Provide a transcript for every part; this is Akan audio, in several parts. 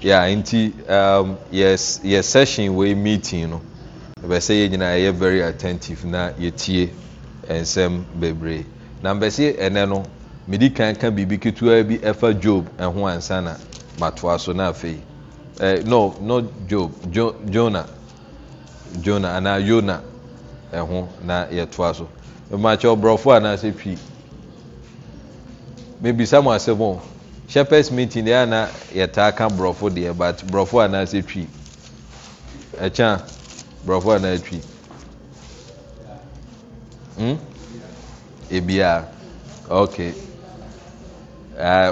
yeah nti um, yes yes session wey meeting no ɛbɛ sɛ yɛn nyinaa yɛ very attentive na yɛtie nsɛm bebree na mbɛ sɛ ɛnɛ no midi kan ka biribi ketewa bi ɛfa job ɛho ansa na matoa so na afei ɛɛ no no job jo jona jona anaa yona ɛho na yɛtoa so mmakyɛ ɔborɔfo anaasɛ pii mebisa mo asɛm o. shɛpɛs meeting deɛ ana yɛtaa ka borɔfo deɛ but borɔfo anaasɛ tw akya borɔfo anaatw hmm? bia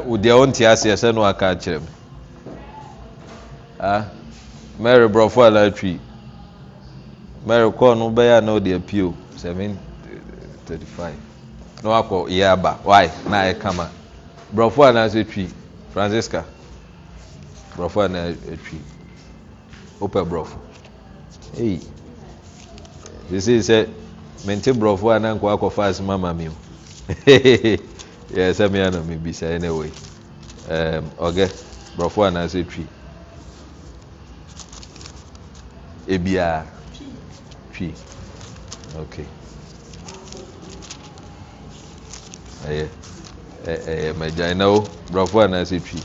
wodeɛ wo ntiaseɛ sɛ no waka akyerɛ m mɛre borɔfo anaa twi mɛry kɔɔ no wobɛyɛ ana wodepio 735 na woakɔ yɛ aba y na ɛkama borɔfoɔ ana so twi francisca borɔfoɔ ana atwi wopɛ borɔfo e tesei sɛ mente borɔfoɔ a na nkɔakɔfa asma ma me o yɛ sɛ me anome bisaɛne wei ɔgɛ borɔfoɔ anaso twi biaa twiɛyɛ ɛɛ magyan na wo brɔfo anaasɛ twi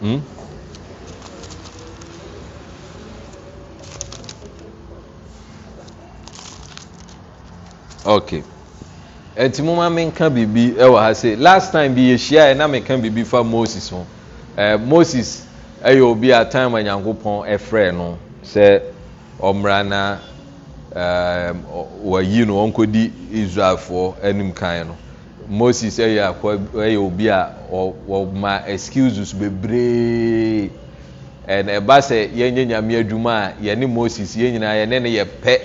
hmm ok, ɛnti eh, mo ma mi nka biribi ɛwɔ ha se last time bi yɛhyia yɛ na mi ka biribi fa moses ho ɛɛ eh, moses ɛyɛ obi a time a nyankopɔn ɛfrɛ no sɛ ɔmra na. Ehm, wayi no ɔnkɔdi israelfoɔ anim kan no moses ɛyɛ ɛyɛ obi a ɔma excuses bebree ɛna ɛba sɛ yɛnyɛ nyame adwuma a yɛne moses yɛn nyinaa yɛne ne yɛ pɛ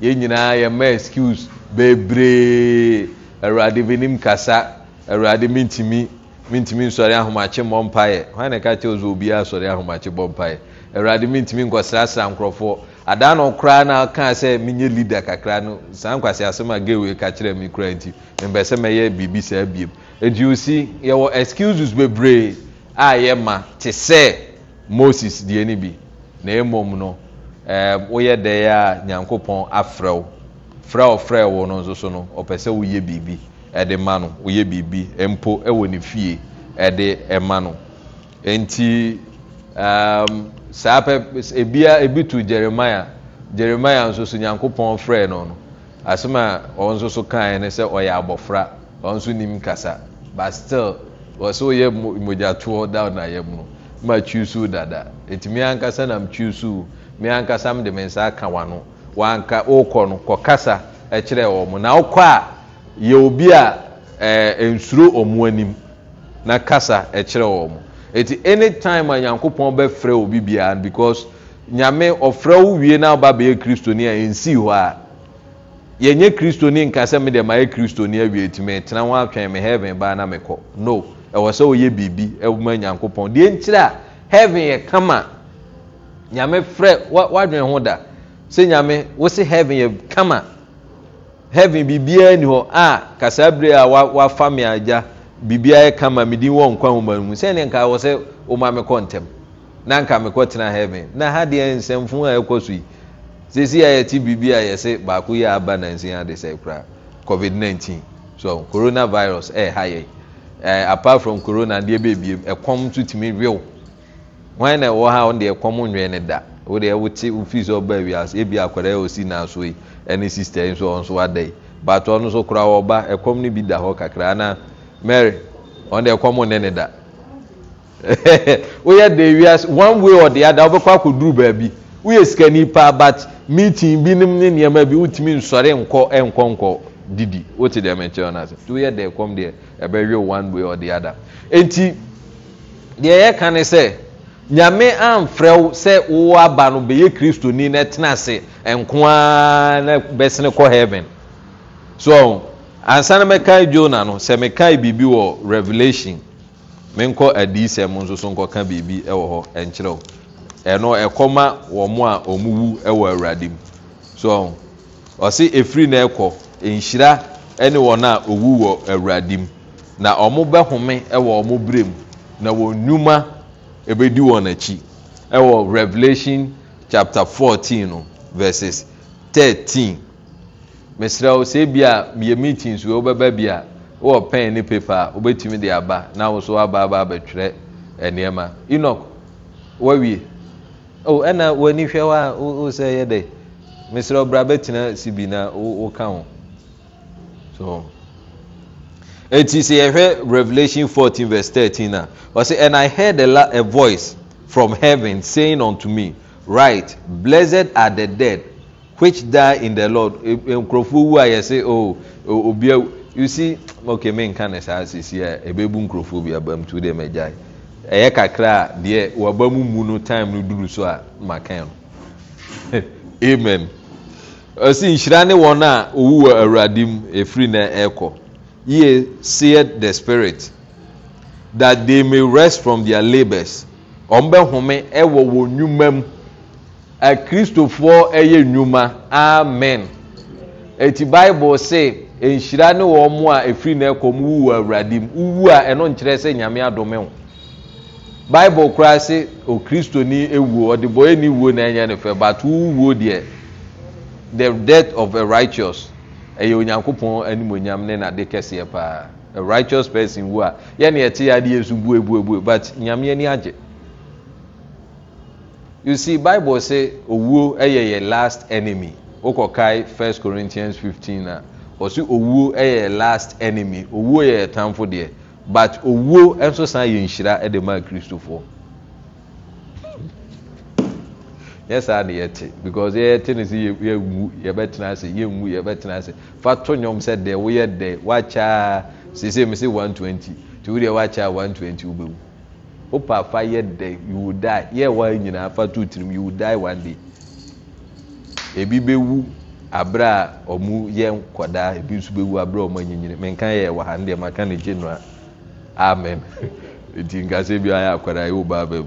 yɛn nyinaa yɛma excuse bebree awurade bi nim kasa awurade mintimi mintimi nsɔre ahomakye mmɔ mpaeɛ hwan na ɛka kyerɛ sɛ obiara sɔre ahomakye bɔ mpaeɛ awurade mintimi nkɔsrasra nkurɔfoɔ adaa na koraa no kaa sɛ menyɛ leader kakra no saa nkwasi asɛm a gawei ka kyerɛ me koraa nti mpɛ sɛ mɛyɛ biribi saa biom ɛnti osi yɛwɔ excuses bebree a yɛ ma te sɛ moses deɛ ni bi na ɛmmom no woyɛ dɛeɛ a nyankopɔn afrɛ wo frɛ ɔfrɛ wo no nso so no ɔpɛ sɛ woyɛ biribi ɛde ma no woyɛ biribi mpo wɔ ne fie ɛde ma no ɛnti saa ebi to jeremiah jeremiah nso so nyankopɔn frɛ no no asɛm a ɔ nso so kaeɛ no sɛ ɔyɛ abɔfra ɔnso nim kasa but still wɔ da woyɛ yɛ danayam no matwiwsuu dada etu me ankasa nam twiwsuu me ankasa m de me nsa aka wano wokɔ no kɔkasa kyerɛɛ wɔ mo na wokɔ a yɛ obi a nsuro ɔmo anim na kasa ɛkyerɛ wɔ ɛti anytime a nyankopɔn bɛfrɛ wɔ bibiaa because nyame ɔfrɛ wo wie no woba bɛyɛ kristoni a ɛnsii hɔ a yɛnyɛ kristoni nka sɛ mede mayɛ kristoni awie timi tena ho atwɛn me heaven baa na mekɔ no ɛwɔ sɛ woyɛ biribi ma nyankopɔn deɛ nkyirɛ a heaven yɛ kama nyame frɛ woadwene ho da sɛ nyame wo se heaven yɛ kama heaven biribiaa nni hɔ a kasaa beree a woafa me agya biribiaa ɛkama medin wɔ nkwa homa mu sɛneɛ nka wɔ sɛ woma mekɔ ntɛm na nka tena mekɔtena heaven na ha deɛ nsɛmfo a ɛkɔ so yi sɛsi a yɛte biribi a yɛse baako yɛ aba nansia ade sɛ koraa covid-19 so coronavirus ɛɛha yɛ eh, apart from corona deɛ bɛbiem ɛkɔm nso tumi wew hwan na ɛwɔ ha wɔn deɛ ɛkɔm nwɛn ne da wɔde ɛwote ofi sɛ ɔba ewiase ebi akwadaa osi n'aso yi ɛne sista yi nso wɔn nso ada yi baatɔ nso koraa ɔba ɛkɔm no bi da hɔ kakra mary ɔn deɛ ɛkɔm ne ne da woyɛ de wia, one way or the other wobɛkɔ akɔduru baabi woyɛ sikani paa but meeting bi nim ne nneɛma bi wotumi nsɔre nkɔ nkɔ nkɔ didi wote deɛ mɛnkyɛn ɔno ase nti woyɛ de ɛkɔm deɛ ɛbɛwe one way or the other eti deɛ yɛka ne sɛ nyame amfrɛ wo sɛ wowɔ aba no bɛyɛ kristoni na ɛtena ase nko na bɛsene kɔ heaven so. ansa no mɛkae jona no sɛ mekae biribi wɔ revelation menkɔ adii sɛm nso so nkɔka biribi wɔ hɔ nkyerɛw wo ɛno ɛkɔma wɔ mo a ɔmuwu wɔ awurade mu so ɔse ɛfiri no ɛkɔ nhyira ne wɔn a ɔwu wɔ awurade mu na ɔmo bɛhome wɔ ɔmo berɛ mu na wɔn nnwuma ɛbɛdi wɔn akyi ɛwɔ revelation chapter 14 no verses 13 mesrɛ wo sɛ bi a meeting, so wei wobɛba bi a wowɔ pɛn ne paper a wobɛtumi de aba na wo so woabaaba abɛtwerɛ eh, nnoɔma enok woawie oh, ɛna w'ani hwɛ w a wo sɛ yɛ dɛ mesrɛ bra bɛtena si bi na woka ho so it is sɛ yɛhwɛ revelation 14 verse 13 a and i heard a voice from heaven saying unto me right blessed are the dead which die in the lord e, e, nkurɔfoɔ wu a yɛsɛ oh, o obi a you see okay me nka ne saa sisi a ebebu nkurɔfoɔ bi abam tu de m'agyae ɛyɛ kakra a deɛ waba mu mu no time no duru so a maka no amen ɔsi nhyira ne wɔn a owu wɔ awurade mu efiri na ɛkɔ yie seɛ the spirit that they may rest from their labours ɔmo bɛ home ɛwɔ wɔn nnwuma mu. akristofoɔ ɛyɛ nnwuma amen eti bible say nhyira ne wɔ mo a ɛfiri na ɛkɔ m wuwu awurade m wowu a ɛno nkyerɛ sɛ nyame adome wo bible koraa se okristoni ɛwuo ɔde ni wuo na ɛnyɛ no fɛ but wowuo deɛ the death of a righteous ɛyɛ onyankopɔn animonyam ne nade kɛseɛ paa a righteous person wu a yɛne ɛte nso bue bue bue but nyame ani agye you see bible say owuo yɛ yɛ last enemy wokɔkae First corinthians fifteen na. ɔsɛ owuo yɛ yɛ last enemy owuo yɛ yɛ tamfo deɛ but owuo nso san yɛ nhyira de maa kristofoɔ yɛ saa ne yɛte because yɛyɛte no sɛ yɛnwu yɛbɛtena ase yɛnwu yɛbɛtena ase fa to nnwom sɛ deɛ woyɛ dɛ wakyɛa seesei me se 120 nti wodeɛ wakyɛa 120 wobɛwu wopafa yɛ dɛ you die yɛ nyinaa tirim you die one ebi bɛwu abere a ɔmo yɛ ebi nso bɛwu abere a ɔmo anyinyini menka yɛ wɔ ha ndeɛ maka ne amen eti nkasa bi ayɛ akɔdaa yɛ ɔbaa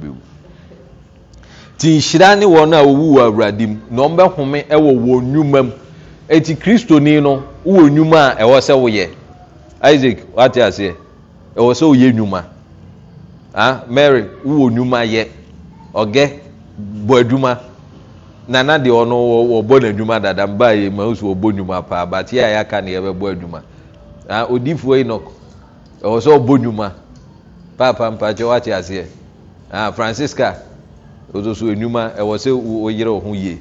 ti nhyira ne wɔn a wɔwu wɔ na ɔmo ɛwɔ nnwuma mu eti kristoni no nnwuma a ɛwɔ sɛ wɔyɛ isaac wate aseɛ ɛwɔ sɛ wɔyɛ nnwuma. mary wowɔ nnwuma yɛ ɔgɛ bɔ adwuma nana deɛ ɔno wɔbɔ n'adwuma dada mbayɛ mahu so wɔbɔ nnwuma paa but yɛ a yɛaka ne yɛbɛbɔ adwuma ɔdiyifoɔ yi no ɔwɔ sɛ ɔbɔ nnwuma paapa mpakyɛ woate aseɛ francisca ɔsoso nnwuma ɛwɔ sɛ woyerɛ wo ho yie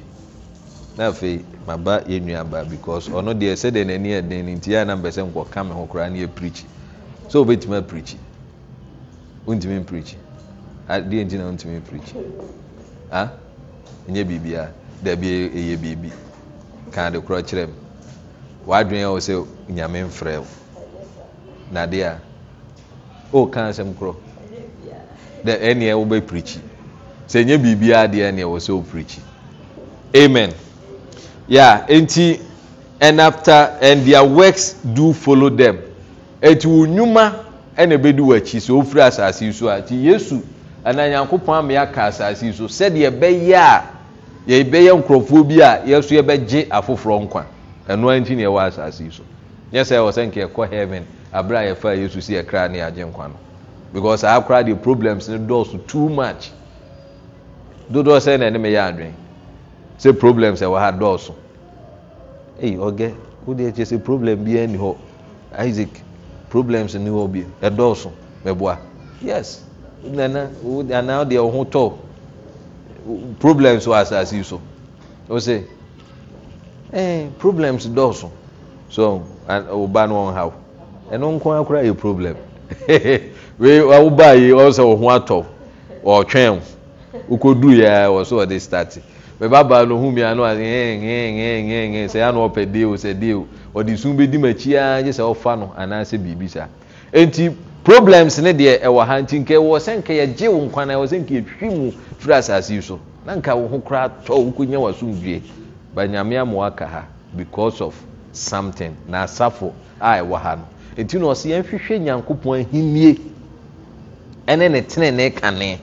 na afei maba yɛnnuabaa because ɔno deɛ sɛdeɛ n'ani ɛden no ntiɛa na mpɛ sɛ nkɔka me ho koraa ne yɛ prikyi sɛ wobɛtumi aprikyi ontimimprii ah, deɛntinwotimiprii ah? nyɛ biribia da bi ɛyɛ e, e biribi kaa de krɔ kyerɛ m w'adwenea wo sɛ nyame mfrɛ wo na deɛa oka sɛm korɔ ɛ ɛneɛ wobɛ priki sɛ nyɛ biribiaa deɛ ɛnneɛ wɔ sɛ wopriki amen y ɛnti ɛnapta an thea works do follow them ɛnti wo nwuma ɛne bɛdi wakyi sɛ ɔfiri asase yi so a nti yesu anaa nyankopɔn amaɛaka asase yi so sɛdeɛbɛyɛ a yɛbɛyɛ nkurɔfoɔ bi a yɛso yɛbɛgye afoforɔ nkwa ɛnoantinoɛwɔ asase yi so yɛ sɛwɔ sɛnɛɔhv erɛ yɛfaysɛkrankwa aradeɛ pbe nds tmch ddsɛoɛnɛdeɛ pbɛpbe ɔisac problem ne wɔ bi ɛdɔso mɛboa ys anaa wodeɛ wo ho tɔ problems asase yi so wo sɛ problems dɔ so so wo ba no wɔn haw ɛno nko akora yɛ problemiwobayi ɔ sɛ wo ho atɔ ɔtwen wo wokɔduu yɛa wɔ sɛ ɔde starte mebabaa no homia no sɛ ɛa no ɔpɛ deo sɛ deo ɔde sum bɛdi makyiaa gye sɛ ọfa no anaasɛ biribi saa ɛnti problems ne deɛ ɛwɔ ha nti nkɛ wɔ sɛ nkɛ yɛgye wo nkwana ɛwɔ sɛ nka yɛtwi mu firi asase yi so na nka wo ho koraa tɔ wokɔnya w'asomdwie but nyame amawaka ha because of something na asafo a ɛwɔ ha no ɛnti na ɔsɛ yɛnhwehwɛ nyankopɔn ahennie ɛne ne tenene kane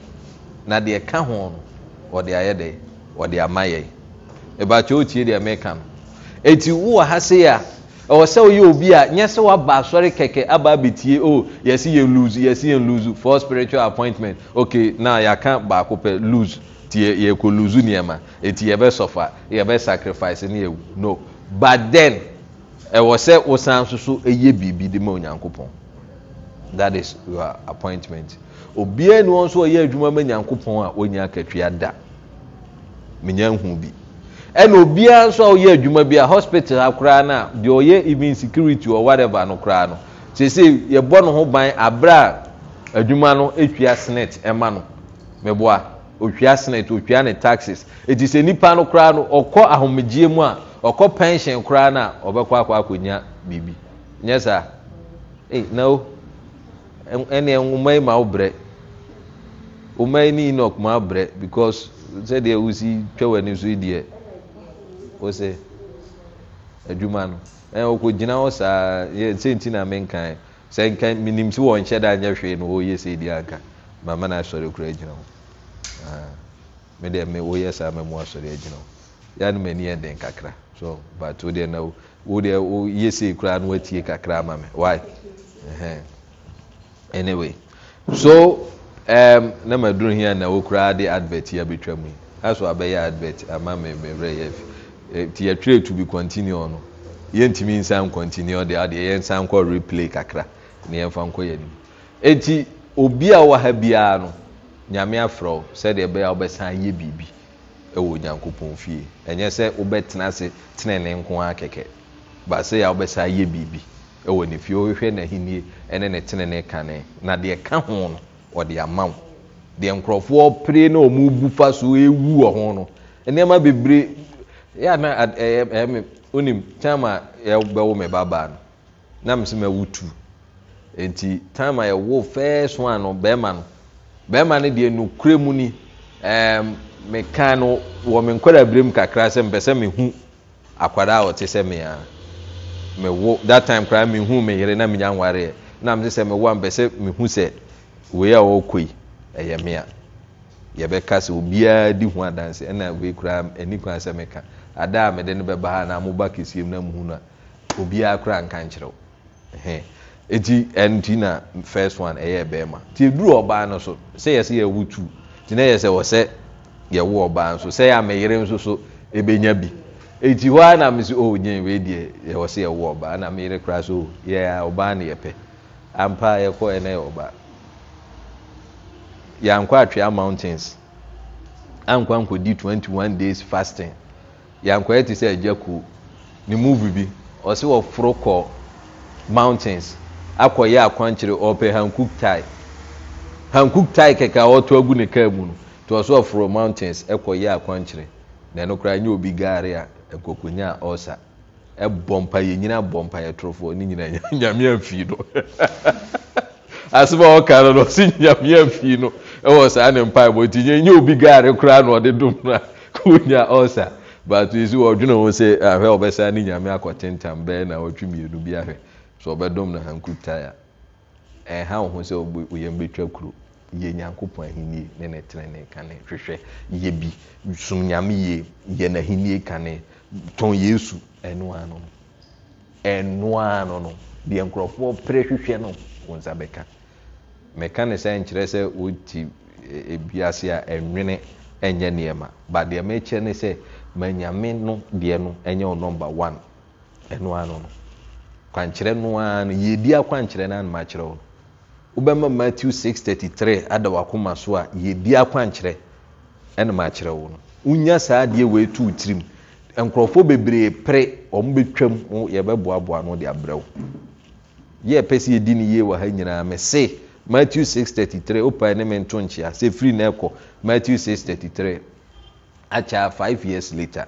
na deɛ ka ho no ɔde ayɛ dɛ wɔde ama yɛn ɛbaakyɛ otie deɛ meka no eti wowɔ ha se a ɛwɔ sɛ woyɛ obi a nyɛ sɛ woaba asɔre kɛkɛ aba abɛtie o oh, yɛsi yɛ lose yɛsi yɛ lose for spiritual appointment okay na yɛaka baako pɛ lose tie yɛkɔ lose nneɛma eti yɛbɛ sɔfa yɛbɛ sacrifice ne yɛwu no but then ɛwɔ sɛ wosan so so ɛyɛ biribi de ma onyankopɔn that is your appointment obiara ni wɔn nso ɔyɛ adwuma ma nyankopɔn a wɔnyɛ akatua da menya nhu bi ɛna obiara nso a ɔyɛ adwuma bi a hospital ha no a deɛ ɔyɛ even security or whatever no koraa no sese yɛbɔ ne ho ban abere adwuma no etwa senate ɛma no mɛboa otwa senate otwa ne taxes eti sɛ nipa no koraa no ɔkɔ ahomegye mu a ɔkɔ pension koraa no a ɔbɛkɔ akɔ akɔnya biribi nyɛ saa ee eh, na o ɛnna nwoma yi ma wo brɛ nwoma yi enoch ma brɛ because. sɛdeɛ wosi twa w'ani so edeɛ wo sɛ adwuma no wokɔ gyina wo saa sɛ nti na me nka sɛnknim si wɔ nhyɛ da nyɛ hwee no wɔyɛsee diɛ anka mamɛno asɔre koraa gyina ho ah, mede woyɛ saa mamu asɔre agyina ho yɛnmniɛdenkakra btoeɛnweyɛsei koraa no watie kakra ma me y ɛnway s na maduru hi a na wɔkuraa de advert yi abɛtwa mu yi aso abɛyɛ advert ama mmerɛ yɛ fi e, ti yɛtwerɛ to be continue no yɛntumi nsan continue ɔde adeɛ yɛnsan kɔ replay kakra na yɛmfa nkɔ yɛn mu eti obi a wɔ ha biara no nyame afrɛ sɛdeɛ ɛbɛyɛ a wɔbɛsan yɛ biribi ɛwɔ nyankopɔn fie ɛnyɛ sɛ wobɛtena ase tena ne nko ara kɛkɛ Baase a wɔbɛsan yɛ biribi ɛwɔ ne fie wɔhwehwɛ n'ahenie ɛne ne tena ne kane na deɛ ka ho no. ɔde ama wo deɛ nkurɔfoɔ pere na ɔmu bu fa so ɛwu wɔ ho no nnoɔma bebree ɛnaonim time a bɛwo me babaa no na me sɛ mawo tu nti time a yɛwo fɛso a no bɛrima no bɛrima no deɛ nokorɛ mu ni ɛɛ meka no wɔ me nkɔda berem kakra sɛ mpɛ sɛ hu akwadaa a ɔte sɛ me a mewo that time koraa mehu meyere na menya nwareɛ na mete sɛ mewo a mpɛ sɛ hu sɛ wei a yi ɛyɛ mmea yɛbɛka sɛ obiara di ho adansi ɛna wei kura ani kwan sɛ meka ada a mede no bɛba ha na moba kɛsiem no amuhu no a obiara koraa nka nkyerɛw wo ɛti ɛnti na first one ɛyɛ bɛrima nti ɛduru ɔbaa no so sɛ yɛ sɛ yɛwo tu nti na yɛ sɛ wɔ sɛ yɛwo ɔbaa nso sɛ yɛ ameyere nso so ebɛnya bi eti hɔ a na me sɛ o oh, gyen wei deɛ yɛwɔ sɛ ɔbaa na meyere koraa so oh, yɛ ɔbaa no yɛpɛ ampa yɛkɔ ɛna yɛ ɔbaa yɛankɔ atwea mountains ankɔ ankɔdi 21 days fasting yɛankɔyɛ te sɛ agya kuo ne move bi ɔsɛ wɔforo kɔ mountains akɔyɛ akwankyerɛ ɔpɛ hankuk tie hankuk tie kɛkɛ a wɔto agu ne kaa mu no nti ɔsɛ ɔforo mountains ɛkɔyɛ akwankyerɛ na ɛno koraa nyɛ obi gaare a akokonya a ɔsa ɛbɔ mpa yɛ nyina bɔ mpa yɛ torofoɔ ne nyina nyame afii no asɛm a ɔka no no ɔsi nyame afii no wɔ saa ne mpatiyɛyɛ obi gare koraa noɔde omnos ɔdweneho sɛ ah, ɔbɛsa ne name akɔtentanɛ natwmen iɛ ɛɔbɛdom no hnkae a hawo ho sɛ ybɛtwa kuro yɛ nyankopɔn annie n enehwewɛ bi s nyameyɛhenie kane tɔyɛsn nnɛnkurɔfoɔ prɛ hwehwɛ noosa bɛka meka ne sɛ nkyerɛ sɛ wɔti ebiase e, a ɛnwene ɛnyɛ nneɛma but deɛ mekyerɛ ne sɛ manyame no deɛ no ɛnyɛ o number one ɛno ano no kwankyerɛ no ara no yɛdi akwankyerɛ no anoma akyerɛ wo no wobɛma matthew six thirty three ada wakoma so a yɛdi akwankyerɛ ɛnoma akyerɛ wo no wonya saa adeɛ wei tu tirim nkurɔfoɔ bebree pere wɔn betwam yɛbɛboaboa no de abrɛ wo yɛ pɛ sɛ yɛdi ne yie wɔ ha nyinaa mɛ see. Matthew 6:33 wopae ne me nto nkyea sɛ firi na ɛkɔ Matthew 6:33 akyɛ five years later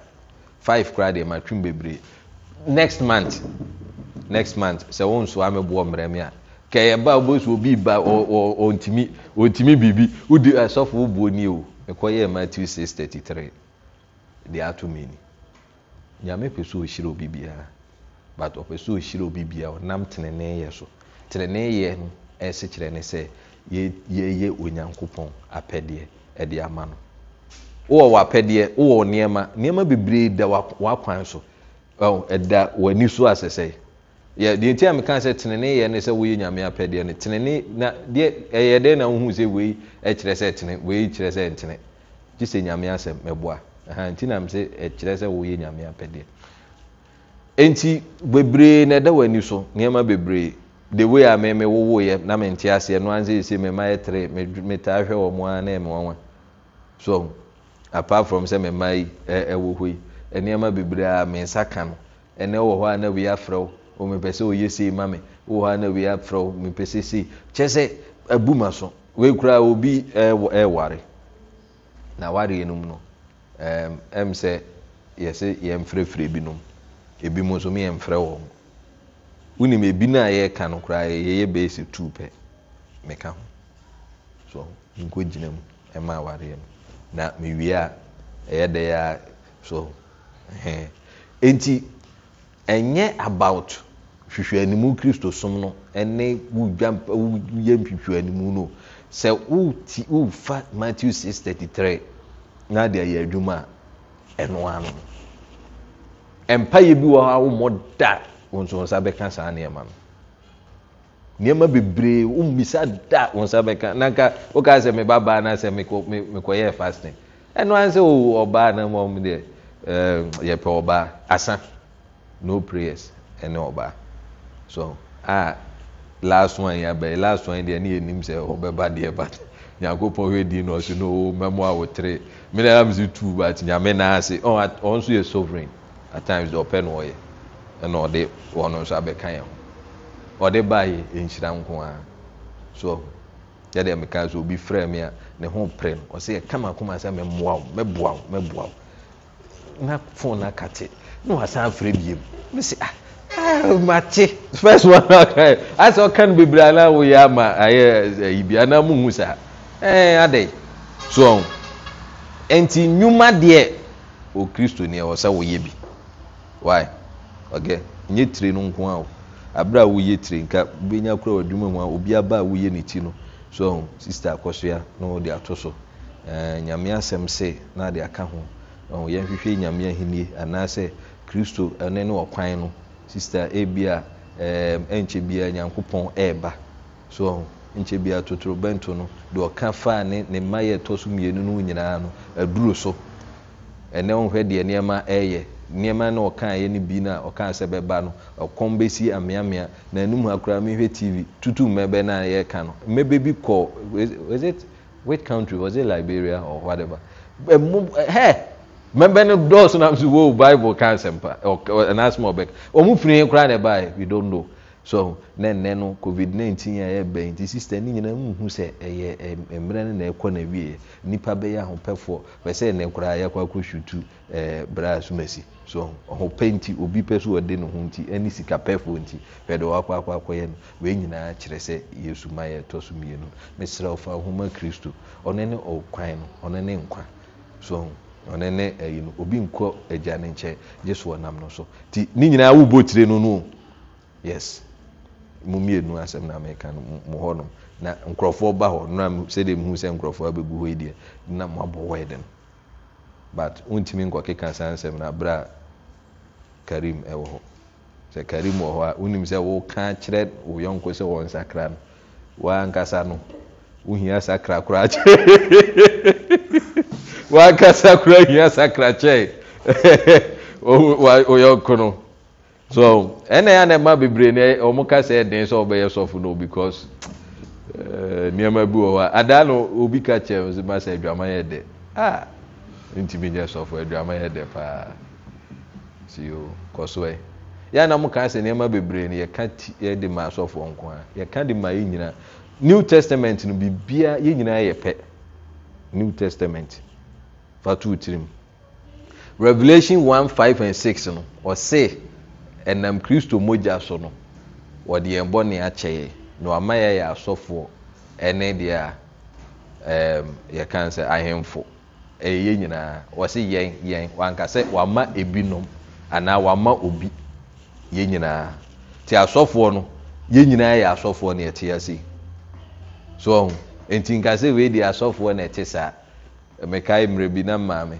five koraa deɛ matwem bebree next month next month sɛ wɔn nso ameboɔ mmerɛ mi a kɛyɛ ba obosu obi ba ɔ ɔntumi ɔntumi biribi wodi ɛsɔfo wobuo nie o ɛkɔ yɛ Matthew 6:33 deɛ ato mi ni nyame pɛ so ɔhyerɛ obi biara but ɔpɛ so ɔhyerɛ obi biara ɔnam tenenee yɛ so tenenee yɛ no. ɔsekyerɛ ne sɛ yɛyɛ onyankopɔn apɛdeɛ de ma no wowɔwapɛdeɛwowɔnnoɔmannɔma bebree da wakwan soda w'ani so asɛ sɛeeɛnia meka sɛ teneneyɛn sɛ woyɛ nyaeapdeɛ onɛkyerɛ ɛkyerɛ sɛesɛ nakerɛɛ ɛɛ nti bebree no ɔda w'ani so nnoɔma bebree the way a meme wowo yɛ na mente aseɛ no anse sɛ mema yɛ tere metaa hwɛ wɔ mo ara na ɛme wawa so apart from sɛ mema yi ɛwɔ hɔ yi nneɛma bebree a me nsa ka no ɛnɛ wɔ hɔ a na wei afrɛ wo o mepɛ sɛ oyɛ sei ma me wɔ hɔ a na wei afrɛ wo mepɛ sɛ sei kyɛ sɛ abu ma so wei koraa obi ɛware na wareɛ no mu no ɛm sɛ yɛsɛ yɛmfrɛfrɛ binom ebi mu nso mi yɛmfrɛ wɔn wonim ebi no a yɛreka no koraa yɛyɛ bɛyɛ sɛ tuu pɛ meka ho so nkɔgyina mu ɛma awareɛ no na mewie a ɛyɛ dɛ a so enti ɛnyɛ about hwehwɛanimu kristo som no ɛne woyɛ nhwehwɛanimu no sɛ woti wofa matthew 6:33 na de ayɛ adwuma a ɛno ano no ɛmpa yɛ bi wɔ hɔ a wommɔ da wɔn nso bɛka saa nneɛma no nneɛma bebree wɔmmisa da wɔn bɛka nanka wɔka sɛ me ba baa na sɛ mekɔ mekɔyɛ fasting ɛno sɛ o ɔbaa na mo ɔmo deɛ eh, ɛɛ yɛpɛ ɔbaa asa no prayers ɛne ɔbaa so a last one yɛ abɛɛ last one deɛ ne yɛ nim sɛ ɔbɛba deɛ ba nyankopɔn hwɛ di na ɔsi no o mɛmo awotire mi na yam si tu but nyame na ase ɔn nso yɛ sovereign at times ɔpɛ na ɔyɛ ɛna ɔde wɔn nso abɛka yɛn ho ɔde baa yɛ nhyira nko ara so yɛde ɛmɛka so obi frɛ mi a ne ho pere no ɔsɛ yɛ kama kuma sɛ mɛmoa wo mɛboa wo mɛboa wo na phone na kate na wasan afrɛ biem ne sɛ ah, ah mate first one ɔkae asɛ ɔka no bebree anaa woyɛ ama ayɛ ayi bi anaa mu hu saa ɛɛ adɛ so ɔn nti nnwuma deɛ o oh, kristo ni ɛwɔ sɛ woyɛ bi why. ɔkɛ nye tire no nko a o abira a woyɛ tire nka benya kura wɔ adwuma mu a obi aba a woyɛ ne ti no so sista akɔsoa na wɔde ato so ɛɛ eh, nyame asɛm se na de aka ho ɔn yɛn hwehwɛ nyame ahinie anaasɛ kristo ɛne ne ɔkwan no sista ebia a eh, ɛɛm ɛnkyɛ biara nyankopɔn ɛɛba so ɔn nkyɛ biara totorobɛnto no deɛ ɔka faa ne ne mma yɛ tɔ so mmienu no nyinaa no aduro so ɛnɛ wɔn deɛ nneɛma ɛɛyɛ. nnoɔma no ɔkaeɛ no bi no a ɔkaa sɛ bɛba no ɔkɔm bɛsi ameamea naanomu akoraa mehwɛ tv tutu mmɛbɛ na a yɛka no mmɛbɛbi kɔ which country was it Liberia or whatever hɛ mmɛbɛ no dɔɔso nam so wo bible ka asɛmpa ɛnaasoma ɔbɛka ɔmu pini koraa na ɛbaɛ we don't know so na nnɛ no covid nineteen a ɛyɛ bɛn nti sista ne nyinaa mu hu sɛ ɛyɛ mmerɛ no na ɛkɔ na wie nipa bɛyɛ ahopɛfoɔ pɛsɛ nnɛ koraa yɛkɔ akɔ sutu ɛɛ bra asumasi so ɔhopɛ nti obi pɛ so ɔde ne ho nti ɛne sikapɛfoɔ nti fɛde wakɔ akɔ akɔyɛ no wei nyinaa kyerɛ sɛ yesu ma yɛ ɛtɔ so mmienu mesrɛ ɔfa ahoma kristo ɔno ne ɔkwan no ɔno ne nkwa so ɔno ne ɛyi no obi nkɔ agya ne nkyɛn gye so ɔnam no so ti ne nyinaa wo bɔ tire no no yes. momiɛnu asm noamekaoɔona nkurɔfoɔ ba hɔnsɛde mhu sɛ nkurɔfoɔ abɛgu hɔ dinamoabɔɔden bt wontimi nkɔkeka sansɛm noberɛ a karim wɔ hɔ sɛ karim wɔ hɔ a wonim sɛ woka kyerɛ woyɔnko sɛ wɔ nsakra no w ankasa no wohia sakrakora wankasa koraa hia sakra kyɛe woyɔko no so ɛna yɛ ana ɛma bebree na ɔmo kasa ɛden sɛ ɔbɛyɛ sɔfo no because ɛɛ nneɛma bi wɔ hɔ a adaa no obi ka kyerɛ ɔmo sɛ ma sɛ aduama yɛ dɛ a ntumi nyɛ sɔfo aduama yɛ dɛ paa si o kɔ so yɛ yɛ ana ɔmo kasa nneɛma bebree na yɛka ti yɛde ma sɔfo nko a yɛka de ma yɛ nyinaa new testament no bibia yɛ nyinaa yɛ pɛ new testament fatu tirim revelation one five and six no ɔse. ɛnam kristo mogya so no wɔde yɛn bɔne akyɛeɛ na wama yɛyɛ asɔfoɔ ɛne deɛ a yɛkan sɛ ahemfo ɛyɛ nyinaa wɔse yɛn yɛn wanka sɛ wama ebinom anaa wama obi yɛ nyinaa nti asɔfoɔ no yɛ nyinaa yɛ asɔfoɔ no yɛte ase so ɔho nti nka sɛ wei deɛ asɔfoɔ no ɛte saa mekae mmerɛ bi na maame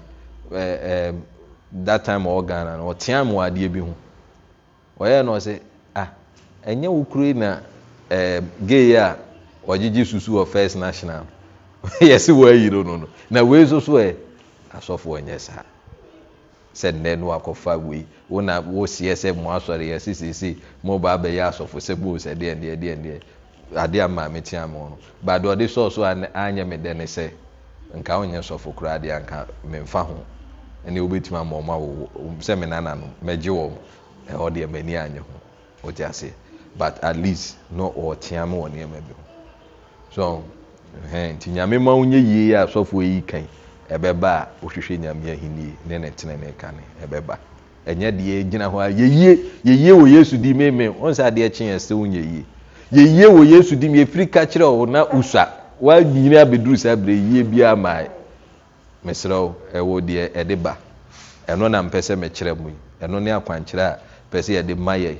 that time ɔwɔ Ghana no ɔtea mu adeɛ bi ho ɔyɛ no ɔse ah, ɛnyɛ wo kuro yi na gayi a ɔgyegye susu wɔ first national yɛse wɔayiro no no na wei so so ɛ asɔfo ɔnyɛ saa sɛ nnɛ no wakɔfa wei wona woseɛ sɛ mo asɔre yɛ sesesei mobaa bɛyɛ asɔfo sɛ boo sɛ deɛndeɛdeɛdeɛ ade amaa metea mo no bade ɔde sɔɔso anyɛ me dɛ ne sɛ nka wonyɛ sɔfo koraa deɛ anka memfa ho ne wobɛtumi amaɔma sɛ menananom mɛgye wɔ m ɛhɔ ya m'ani hụ ọ dị ase but at least na ɔtea mu wɔ nneɛma bi so nti eh, nyame ma wo yie a asɔfo yi kan a ohwehwɛ nyame ahinie ne na tene ka ne ɛbɛba deɛ hɔ a yeye yeye wɔ yesu di mee mee nsa adeɛ kyen ɛsɛ wɔn wɔ yesu di mu yɛfiri kakyerɛ wɔ na usua saa abiri yie bi ama e. mesrɛw e ɛwɔ e, deɛ ɛde ba ɛno na mpɛ sɛ mɛkyerɛ mu yi ɛno ne pɛ sɛ yɛde ma yɛ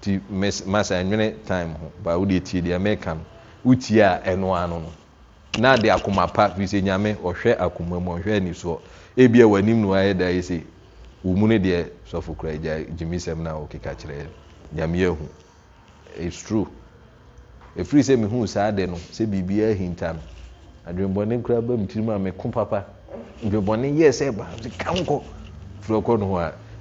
ti masa nwene time ho ba wode tie deɛ meka no wotie a ɛno ano no na de akoma pa firi sɛ nyame ɔhwɛ akoma mu ɔhwɛ ani soɔ ebia w'anim no ayɛ da yi sɛ wo mu no deɛ sɔfo kura gya gyimisɛm no a wɔkeka kyerɛ nyame ahu it's true ɛfiri sɛ mehu saa de no sɛ biribiaa hinta me adwembɔne koraa ba me tirim a meko papa adwembɔne yɛ sɛ ba ka nkɔ firi ɔkɔ no hɔ a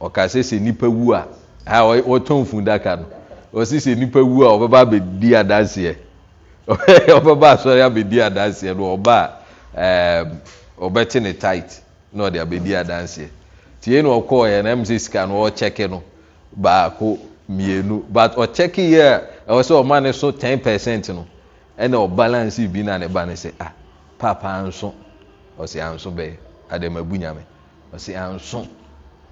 ɔka sɛ sɛ nnipa wu a wɔtɔn funu daka no ɔsi sɛ nnipa wu a ɔbɛba abɛdi adanseɛ ɔbɛba asɔre abɛdi adanseɛ no ɔba a ɔbɛte ne tight na ɔde abɛdi adanseɛ tie na ɔkɔɔyɛ na ɛmu sika no ɔkyɛke no baako mmienu but ɔkyɛke yɛ a ɛwɔ sɛ ɔma ne so ten percent no ɛna ɔbalance bi na ne ba ne sɛ ah paapa anso ɔsi anso bɛyɛ adamabu nyame ɔsi anso.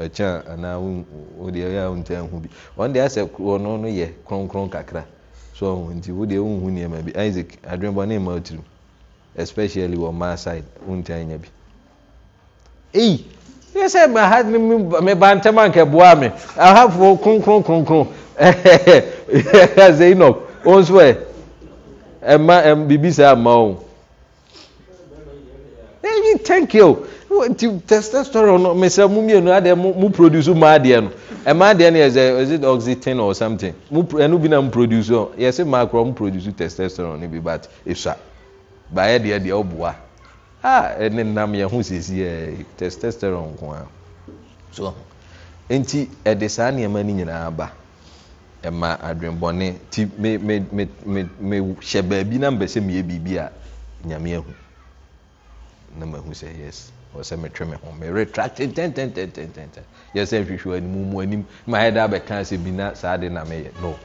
ɛkyɛ eh, anaa wodeɛ yɛ a wontaa hu bi ɔno deɛ asɛ ɔno no yɛ kronkron kakra so ɔho nti wodeɛ wonhu nneɛma bi isaac ne mma wotirim especially wɔ mmaa side wontaa anya bi eyi yɛ sɛ a ne meba ntam anka boa me ahafoɔ kronkron kronkron zeinok ɔn so ɛ ɛma biribi saa mma wo thank you nti ɛde saa nneɛma no nyinaaba ma adwnɔne ntimehyɛ baabi na meɛsɛmeɛ biribi a nyame ahu na mahu sɛ ɔsɛ metwe me ho meretracte tɛntɛntɛntɛntɛn yɛ sɛ nhwehwɛ anim mu anim ma yɛ da bɛka sɛ bi na saa de na meyɛ no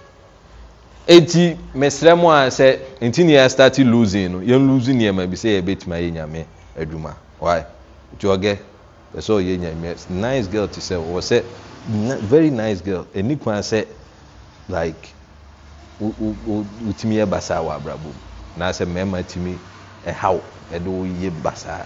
eti mesrɛ mu a sɛ nti ne yɛ start losing no yɛn lose nneɛma bi sɛ yɛbɛtumi ayɛ nyame adwuma why nti ɔgɛ ɛsɛ ɔyɛ nyame nice girl te sɛ wɔ sɛ very nice girl ɛni kwan sɛ like wotumi yɛ basaa wɔ abrabɔ mu naasɛ mmarima tumi ɛhaw ɛde wɔyɛ basaa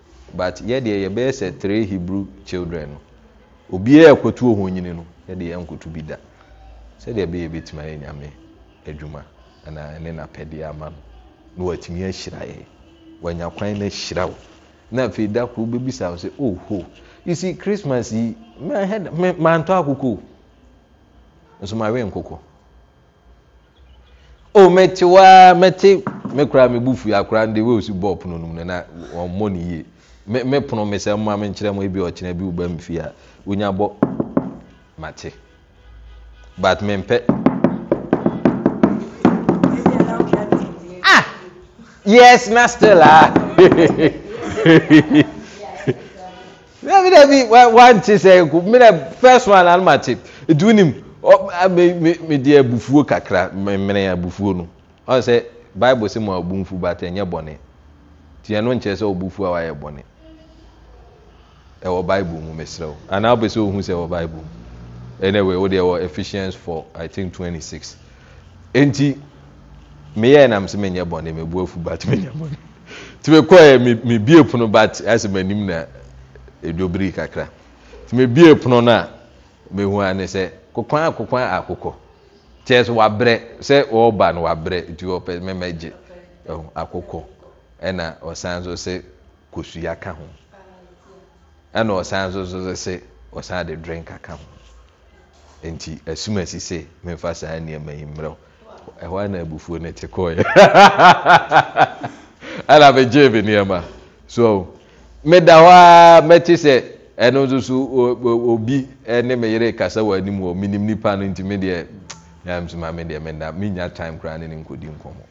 but yɛdeɛ yɛbɛyɛ sɛ tre hebrew children no biaɛ kɔt ɔ hɔ yini no ɛdeɛɛk daɛdeɛ ɛɛɛtimiɛadwane nadeɛmao tumihyira anya kwan nohyiraeafeiaɛi chrismas yimantɔ akokɔ somae nkɔkɔ oh, mɛeamɛte me koraa meb fuakandebɔɔpnnmoɔnyie mepono me sɛ mma menkyerɛ mu bi ɔkyena bi woba mfie a wonya bɔ mate but mempɛ ah! yes na still a dabi dabi wante sɛ nko mena first one ano mate ɛti wonim oh, ah, mede abufuo kakra mene abufuo no ɔn bible sɛ mu abumfu but ɛnyɛ bɔne tiɛ no nkyerɛ sɛ ɔbufuo a wayɛ bɔne ɛwɔ bible mu mesrɛ wo anaa wopɛ sɛ wohu sɛ ɛwɔ bible mu anyway wode ɛwɔ Ephesians 4 I think 26 enti meyɛɛ nam sɛ menyɛ bɔne mebu afu but menyɛ bɔne nti mekɔɛ mebie pono but asɛ nim na ɛdwobiri kakra nti mebie pono na a mehu a ne sɛ kokwan akokwan akokɔ kyɛ sɛ wabrɛ sɛ wɔba no wabrɛ nti wɔpɛ memɛgye akokɔ ɛna ɔsan so sɛ kosua ka ho ɛna ɔsan so so sɛ ɔsan de drink ka ho nti asum asise memfa saa nneɛma yi mmerɛw ɛhɔ ana abufuo no te kɔɔyɛ ɛna megyee me nneɛma so meda hɔ a mɛte sɛ ɛno nso so obi ne me yere kasa wɔ anim wɔ menim nipa no nti me deɛ yamsoma me deɛ menda menya time koraa ne ne nkɔdi nkɔmmɔ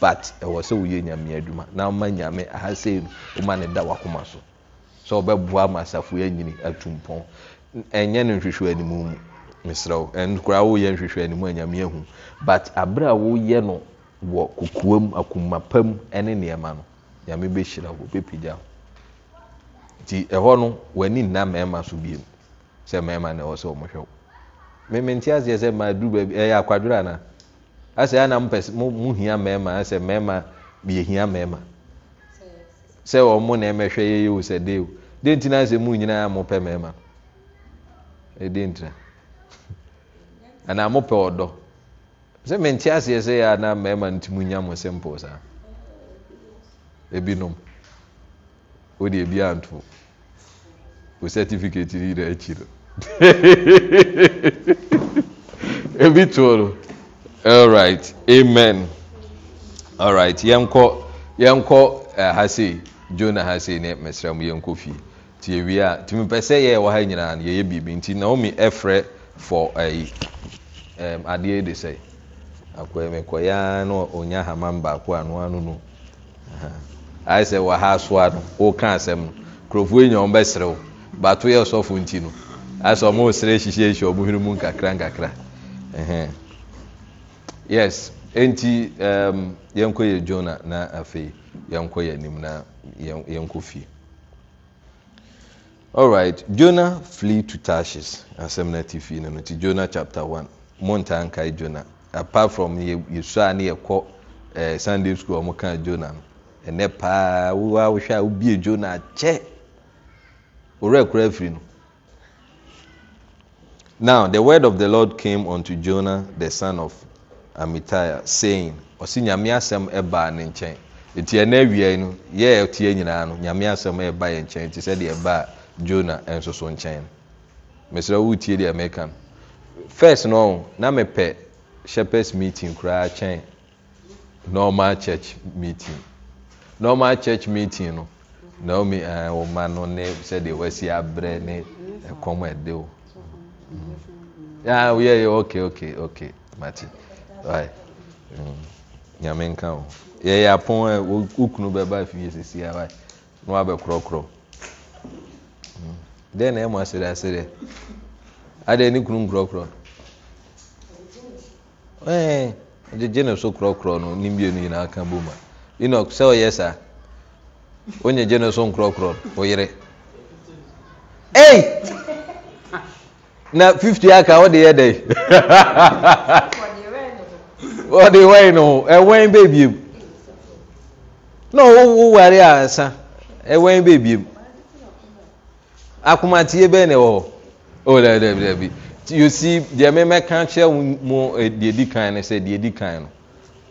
but ɛwɔ sɛ woyɛ nyame adwuma na woma nyame ahasei no woma ne da wakoma so sɛ ɔbɛboa ma asafo anyini atumpɔn ɛnyɛ no nhwehwɛ animu mu mesrɛ wo ɛnkora woyɛ nhwehwɛ animu a nyame ahu but aberɛ a no wɔ kokoa mu akoma pa mu ne nneɛma no nyame bɛhyira wo bɛpagya wo nti ɛhɔ no w'ani nna mmarima so biem sɛ mmarima na ɛwɔ sɛ wɔhwɛ wo memente aseɛ sɛ maaduru baabi ɛyɛ akwadwerɛ anaa as namohiammasɛ mma biehia mma sɛ ɔ mo ne ɔmɛhwɛ yɛyɛ o sɛ dee o den ntino asɛ munnyinaa mopɛ mma entira anaa mopɛ ɔdɔ sɛ mente aseɛ sɛ ɛanamma nontim nya m smplesa binom wode bianto o certificate riira aki o bi tooro right amen alright yɛnkɔ yɛnkɔ eh, ha sei jona ha sei ne mesrɛ m yɛnkɔ fie nti yɛwie a ntimi pɛ sɛ yɛyɛ wɔ ha nyinaa no yɛyɛ biribi nti naomi ɛfrɛ fɔ ayi eh, adeɛ de sɛ akɔyɛ mekɔyɛ a na ɔnya haman baako a no ano no ayɛ sɛ wɔ ha soa no woka asɛm no kurɔfoɔ ọm ɔmbɛsrɛ wo baato yɛ ɔsɔfo nti no ayɛ sɛ ɔmo srɛ hyehyɛ hyɛ ɔmo hwene mu nkakra nkakra yes nti um, yɛnkɔ yɛ jona na afei yɛnkɔ yɛ nimna yɛnkɔ fie lright jonah flee to tashes asɛm no tifie no no nti jonah chapter 1 montanke jonah apart from yɛsua ne yɛkɔ eh, sunday schuu ɔ mo ka jona no ɛnɛ paa wa wohwɛ a wobie jona kyɛ worɛ kora afiri no now the word of the lord came unto jonah the son of amitaia sein ɔsi nyame asɛm ɛbaa ne nkyɛn ɛti ɛna awiei no yɛ ɛteɛ nyinaa no nyame asɛm ɛba yɛ nkyɛn nti sɛdeɛ ɛbaa jona ɛnsoso nkyɛn mesrɛ woretie deɛ meka no first no ɔ na mepɛ shepers meeting koraa kyɛn normal church meeting normal church meeting no naomi eh, woma no ne sɛdeɛ wasi abrɛ ne ɛkɔm ɛde wo woyɛyɛ mhm. ah, ok ok ok mate Mm. nyame nka ho yɛyɛ apɔn a wokunu bɛba fie sɛsia na wabɛkorɔkorɔ dɛn na ɛmɔ asere asereɛ adeɛ ne kunu nkorɔkorɔ gyegye eh, ne so korɔkorɔ no nimbienu nyinaa ka boma inok sɛ ɔyɛ saa wonye gye so o na 50 aka wode yɛ dɛ ɔde wɛn no ɛwɛn beebiem na ɔwɔ ware ansa ɛwɛn e beebiem akomatie bɛyɛ na ɛwɔ hɔ ɔwɔ dɛbi dɛbi dɛbi you see deɛ mɛmɛka e, kyerɛ mu deɛ di kan no sɛ deɛ di kan no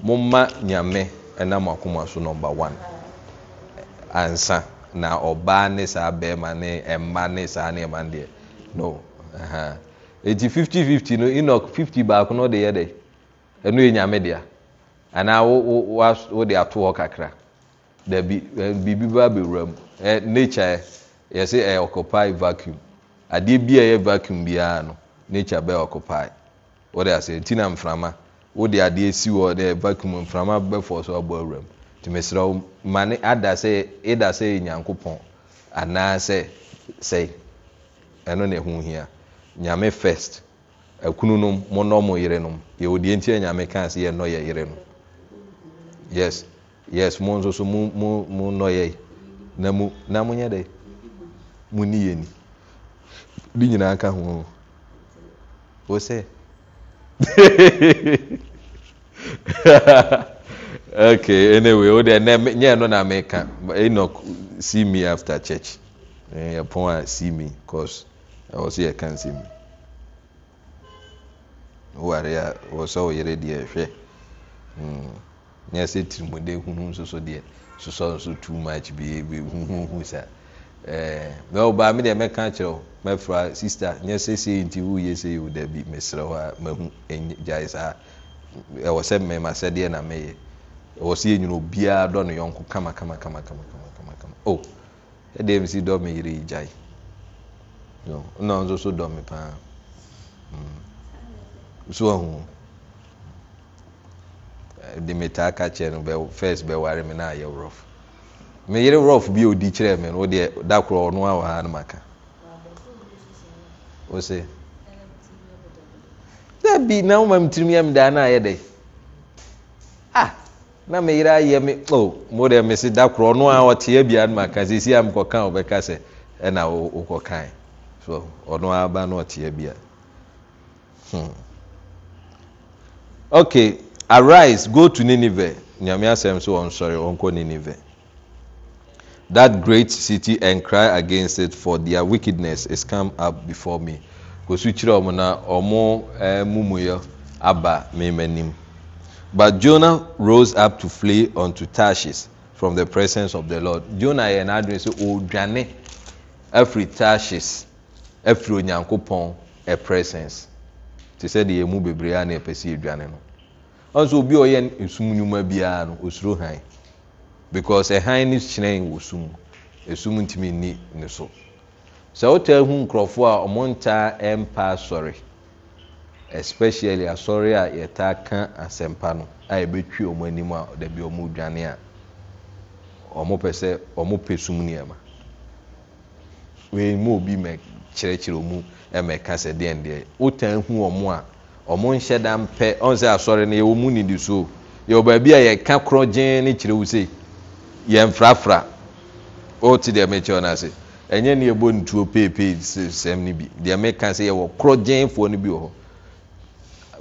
mo ma nyame ɛnam e akoma so number one ansa na ɔbaa ne saa bɛrima ne ɛma ne saa ne deɛ no ɛti fifty fifty no inok fifty baako no ɔde yɛ dɛ. ɛno yɛ nyame dea anaa de ato hɔ kakra dabi biribi baa bɛwura mu nature yɛsɛ ɛyɛ occupy vacuum adeɛ bi a ɛyɛ vacuum biara no nature bɛyɛ occupy wode asɛ nti na mframa wode adeɛ si hɔ dɛ vacuum mframa bɛfɔ so abɔ awura mu nti wo ma ne ada sɛ ɛda sɛ nyanko pɔn anaa sɛ sɛ ɛno na ho hia nyame first akununom mo nɔ mo yere nom yɛwɔ deɛ ntia nyame ka sɛ yɛnɔyɛ yere no mo so so mo nnɔyɛ namna moyɛdɛ munni ɛni bi nyinaa ka ho wo sɛnwa wo deyɛɛno na meka in se mi after church yɛpɔ as m cause wɔ so yɛka sm woware a wɔ sɛ wo yere deɛ hwɛ hmm. nyɛ sɛ tirimude hunu nsoso deɛ susɔ nso t much bihuhuhu sa mɛwobaa me deɛ mɛka kyerɛ wo mɛfra sister nyɛ sɛ sei nti woyɛ sɛi wo da bi mesrɛ hɔ a mahu gyae saa ɛwɔ sɛ mema sɛdeɛ na mɛyɛ ɛwɔ sɛ yɛnyina obiara dɔ no yɔnko kamakamama oh, ɛdeɛ msi dɔ me yere yi gyae na nso so dɔ me paa hmm. so hu de metaa ka kyerɛ no first bɛware na ayɛ rɔf me yere bi odi kyerɛ me no wodeɛ dakorɔ ɔno a wɔ ha no maka o se dabi na tirim yam na ayɛ dɛ ah na me yere ayɛ me o mo deɛ me ɔno a no sisi a so ɔno na okay arise go to Nineveh nyame asɛm so ɔnsɔre ɔnkɔ Nineveh that great city and cry against it for their wickedness is come up before me kòsu kyerɛ ɔmo na ɔmo ɛmumuyɛ eh, aba mɛmɛnim but Jonah rose up to flee unto Tarshish from the presence of the Lord Jonah yɛ n'adwene sɛ ɔdwane afiri Tarshish afiri Onyankopɔn a eh, presence te sɛdeɛ ɛmu bebree a na ɛpɛ sɛ yɛdwane no ɔnso obi ɔyɛ nsum nnwuma biara no ɔsuro hann because hann no hyerɛn wɔ sum ɛsum ntumi nni ne so sɛ wotaa hu nkurɔfoɔ a ɔmontaa ɛmpa asɔre especially asɔre a yɛtaa ka asɛmpa no a yɛbɛtwi ɔmo anim a dabi ɔmo dwane a ɔmo pɛ sɛ ɔmo pɛ sum nneɛma wei ma obi ma kyerɛkyerɛ mu mɛka sɛ deɛn deɛ wotan hu ɔ mo a ɔmo nhyɛ da mpɛ ɔn sɛ asɔre no yɛwɔ mu nidi soo yɛwɔ baabi a yɛka korɔ gyee ne kyerɛ wo sei yɛmfrafra wote deɛ mekyɛ no ase ɛnyɛ ne yɛbɔ ntuo peepee sɛm no bi deɛ meka sɛ yɛwɔ korɔ gyeenfoɔ no bi wɔ hɔ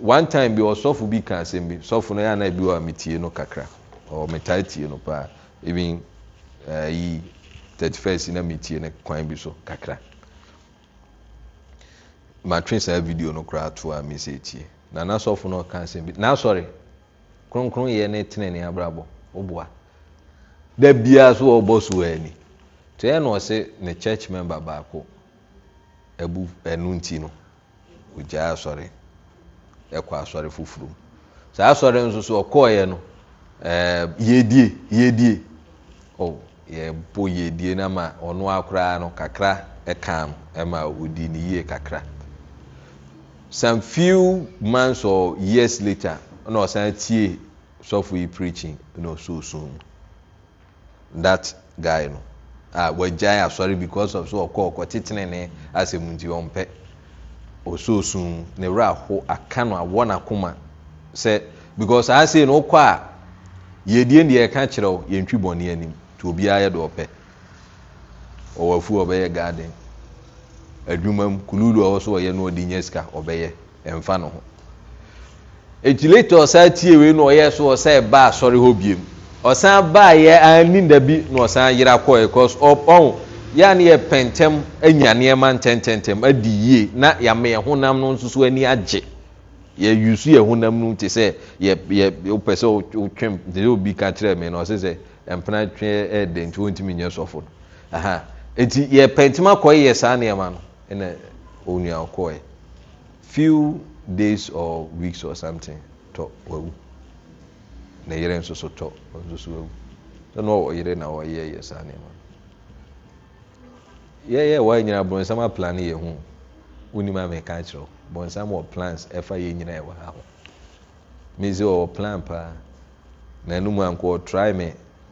one time bi ɔsɔfo bi ka asɛm bi sɔfo no yɛana bi wɔ a metie no kakra ɔ metaa tie no paa even uh, yi thirty-first na metie no kwan bi so kakra matwe saa video no koraa to a mesɛ tie na n'asɔfo no ɔka asɛm bi n'asɔre kronkron yɛ ne tene ne abrabɔ ɔboa da biara so ɔbɔ so ani to yɛ na ɔse ne church member baako abu ɛnu nti no ɔgyaa asɔre ɛkɔ asɔre foforɔ mu saa asɔre nso so ɔkɔɔyɛ no ɛɛ yɛdie die ɔwɔ. yɛbɔ yɛdie no ma ɔno akoraa no kakra kam ma ɔdi ne yie kakra some few months or years later na ɔsan tie sɔfo yi preaching na ɔsooso mu that guy no a wagyae asɔre because of so ɔkɔ ɔkɔ tetenene asɛm nti ɔmpɛ ɔsooso mu ne werɛ aho aka no awɔ n'akoma sɛ because aasei no wokɔ a yɛdie deɛ ɛka kyerɛw wo yɛntwi bɔne anim nti obiara yɛ de ɔpɛ ɔwɔ ɔbɛyɛ garden adwuma mu kululu ɔwɔ so ɔyɛ no ɔde nyɛ sika ɔbɛyɛ no ho ɔsan tie na ɔyɛ so ɔsan ba asɔre hɔ biem ɔsan ba yɛ ani dabi na ɔsan yɛ pɛntɛm anya nneɛma ntɛntɛntɛm adi yie na honam no nso so ani agye honam te sɛ sɛ sɛ obi mpena twɛ eh, dɛ nti ɔtim nyɛ sɔfo nonti yɛpɛntema kɔ yɛ saa noɔma no na nuakɔ few days ɔ weeks ɔ sotiye sɛm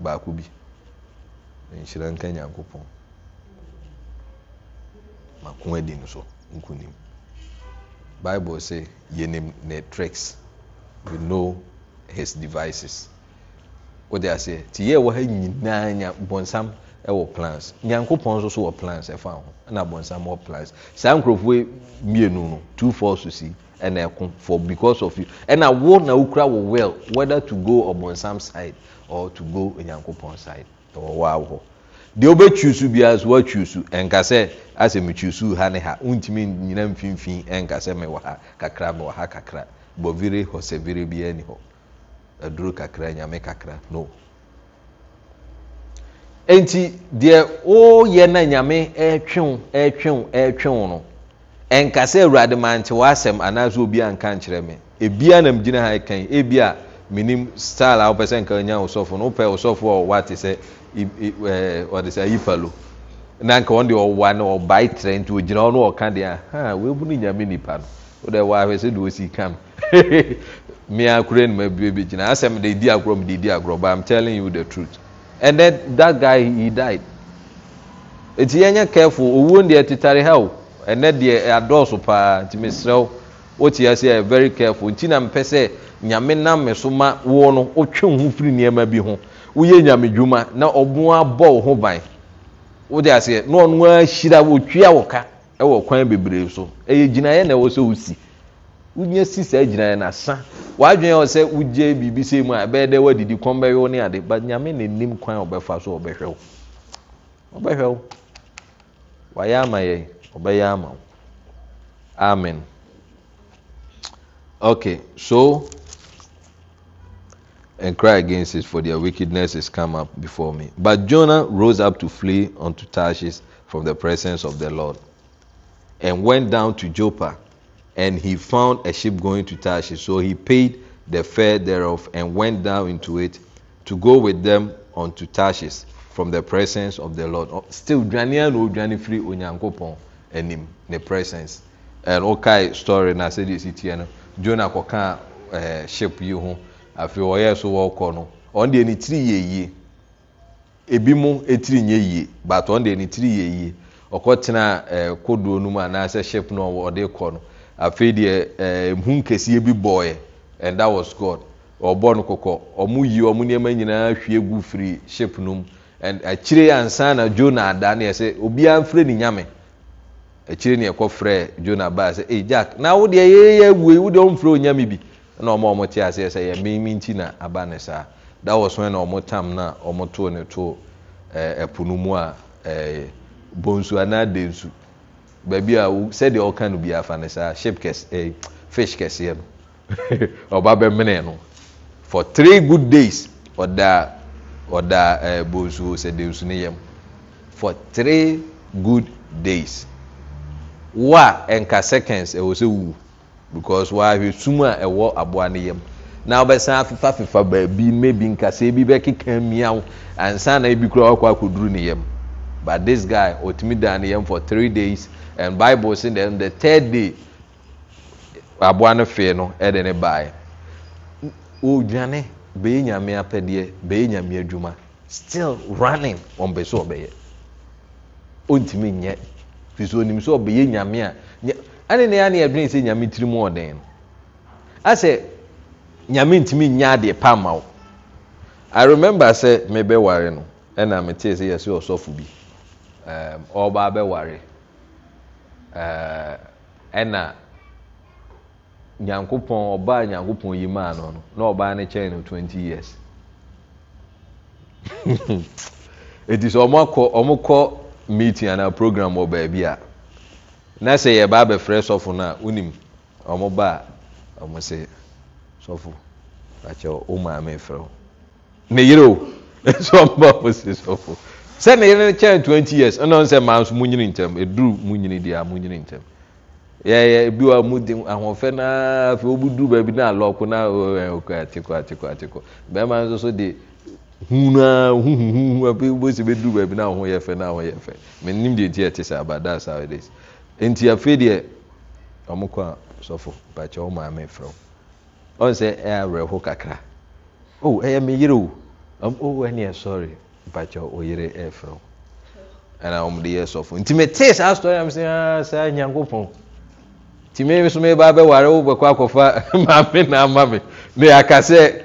baako bi nhyira nka nyankopɔn mako adi no so nkonim bible sɛ yɛnim ne tricks we know his devices wode aseɛ nti yɛ wɔ ha nyinaa nya bɔnsam wɔ plans nyankopɔn nso so wɔ plans ɛfa ho ɛna bɔnsam wɔ plans saa nkurɔfoɔ mmienu no two four so si ɛna ɛko for because of you ɛna wo na wokura wo well whether to go ɔbɔnsam side or to go onyankopɔn side ɔwɔ awo hɔ deɛ wobɛtwiusu biaa so woatwiusu ɛnka sɛ asɛ metwiusuu ha ne ha ntumi nyina mfimfii ɛnka sɛ mewɔ ha kakra mewɔ ha kakra bɔvire hɔ sɛvire biaa ni hɔ aduro kakra nyame kakra no ɛnti deɛ woyɛ no nyame ɛtwew ɛtwew ɛtwew no ɛnka sɛ awurade mante w'asɛm anaasɛ obi anka nkyerɛ me ebia namgyina ha ɛkan e ebia menim style a wopɛ sɛ nka ɔnya wosɔfo no wopɛ wosɔfo a ɔwa te sɛ ɔde sɛ ayifalo na nka ɔn deɛ ɔwa no ɔbae trɛ nti ogyina hɔ no ɔka deɛ a webu no nyame nipa no wode ɛwɔ ahwɛ sɛ deɛ ɔsi kam mmea akura no ma bie bi gyina asɛm de di agorɔ mu de di agorɔ but i'm telling you the truth and then that guy he died eti yɛn nyɛ careful owuo deɛ tetare ha o ɛnɛ deɛ adɔɔso paa nti mesrɛ wo. wotiase ayɛ very careful nti na mpɛ sɛ nyame namme so ma woɔ no wotwe ho firi nnoɔma bi ho woyɛ nyame dwuma na ɔboa bɔ wo ho ban wode aseɛ na ɔno ahyira wɔtwia wo ka wɔ kwan bebree so ɛyɛ gyinaeɛ na ɛwɔ sɛ wo si wonya si saa gyinaeɛ noasa w'adwene wɔ sɛ wogye biribi sɛ mu a ɛbɛyɛ dɛ woadidi kɔn bɛyɛwo ne ade but nyame na nim kwan ɔbɛfa so ɔbɛhwɛ wo ɔbɛhwɛ wo wayɛ ama yɛn ɔbɛyɛ ama wo amen Okay, so and cry against it, for their wickedness is come up before me. But Jonah rose up to flee unto Tarshish from the presence of the Lord, and went down to Joppa, and he found a ship going to Tarshish. So he paid the fare thereof, and went down into it to go with them unto Tarshish from the presence of the Lord. Oh, still, Daniel no flee free onyankopon enim the presence. And okay story na said this itiano. jona kɔka ɛɛ ship yi ho afei ɔyɛ so wɔkɔ no ɔn deɛ ne tiri yɛ yie ebi mo etiri nyɛ yie but ɔn deɛ ne tiri yɛ yie ɔkɔ tena ɛɛ kodoɔ no mu anaasɛ ship no ɔde kɔ no afei deɛ ɛɛ hu kɛseɛ bi bɔɔɛ and that was God ɔbɔ no kɔkɔ ɔmo yi ɔmo nneɛma nyinaa hwie gu firi ship no mu and akyire ansa na jona ada ne yɛ sɛ obiara mfiri ne nyame akyire ne ɛkɔ frɛ jona baa sɛ e jack na wo deɛ yɛyɛ wei wo deɛ ɔmfrɛ onyame bi na ɔma ɔmo te aseɛ sɛ yɛ mmemme nti na aba ne saa da wɔ so na ɔmo tam na ɔmo to ne to eh, ɛpo no mu a ɛɛ eh, bonsu anaa densu baabi a sɛdeɛ ɔka no bi afa ne saa ship kɛse eh, ɛɛ fish kɛseɛ no ɔba bɛmene no for three good days ɔda ɔda ɛɛ bonsu sɛ densu ne yam for three good days wo a ɛnka seconds ɛwɔ sɛ wu because wahwɛ sum a ɛwɔ aboa no yam na wobɛsan afefa fefa baabi maybe nkasɛɛ bi bɛkeka mmiaw ansa na ebi kura wakɔ akɔduru ne yam but this guy otumi da ne yam for three days and bible say then the third day aboa no fee no ɛde ne baeɛ odwane bɛyɛ nyame apɛdeɛ bɛyɛ nyame adwuma still running wɔn bɛ so ɔbɛyɛ ontumi nyɛ firi sɛ onim sɛ ɔbɛyɛ nyame a ɛne ne ɛne ɛdwene sɛ nyame tiri mu ɔden no asɛ nyame ntumi nya adeɛ pa ma wo i remember sɛ mebɛware no ɛna metee sɛ yɛsɛ ɔsɔfo bi ɔbaa bɛware ɛna nyankopɔn ɔbaa nyankopɔn yi maa no na ɔbaa no kyɛn no twenty years ɛti sɛ ɔmokɔ meeting anaa program wɔ baabi a na sɛ yɛ baa bɛfrɛ sɔfo no a wonim ɔmo ba a ɔmo sɛ sɔfo akyɛ wo maame frɛ wo ne yere o ɔmo sɛ sɔfo sɛ ne yere kyɛn 20 years sɛ maa nso mu nyini ntɛm eduru mu nyini deɛ a ebi wa di ahoɔfɛ naa afei baabi naa lɔɔko naa ɛɛ nso hunaa huhuhu abɛsi bɛduru baabi na ahoyɛ fɛ na ahoyɛ fɛ menim deɛ nti ɛte sɛ is nti afei deɛ ɔmo kɔ a sɔfo bàtɛ ɔmo maame frɛ wo ɔn ɛyɛ awerɛho kakra o ɛyɛ e, me yere o ɔmo o ɛni ɛsɔre ɔyere ɛna ɔmo de yɛ sɔfo nti mɛ tee saa saa nyanko pɔn na ama ne akasɛ.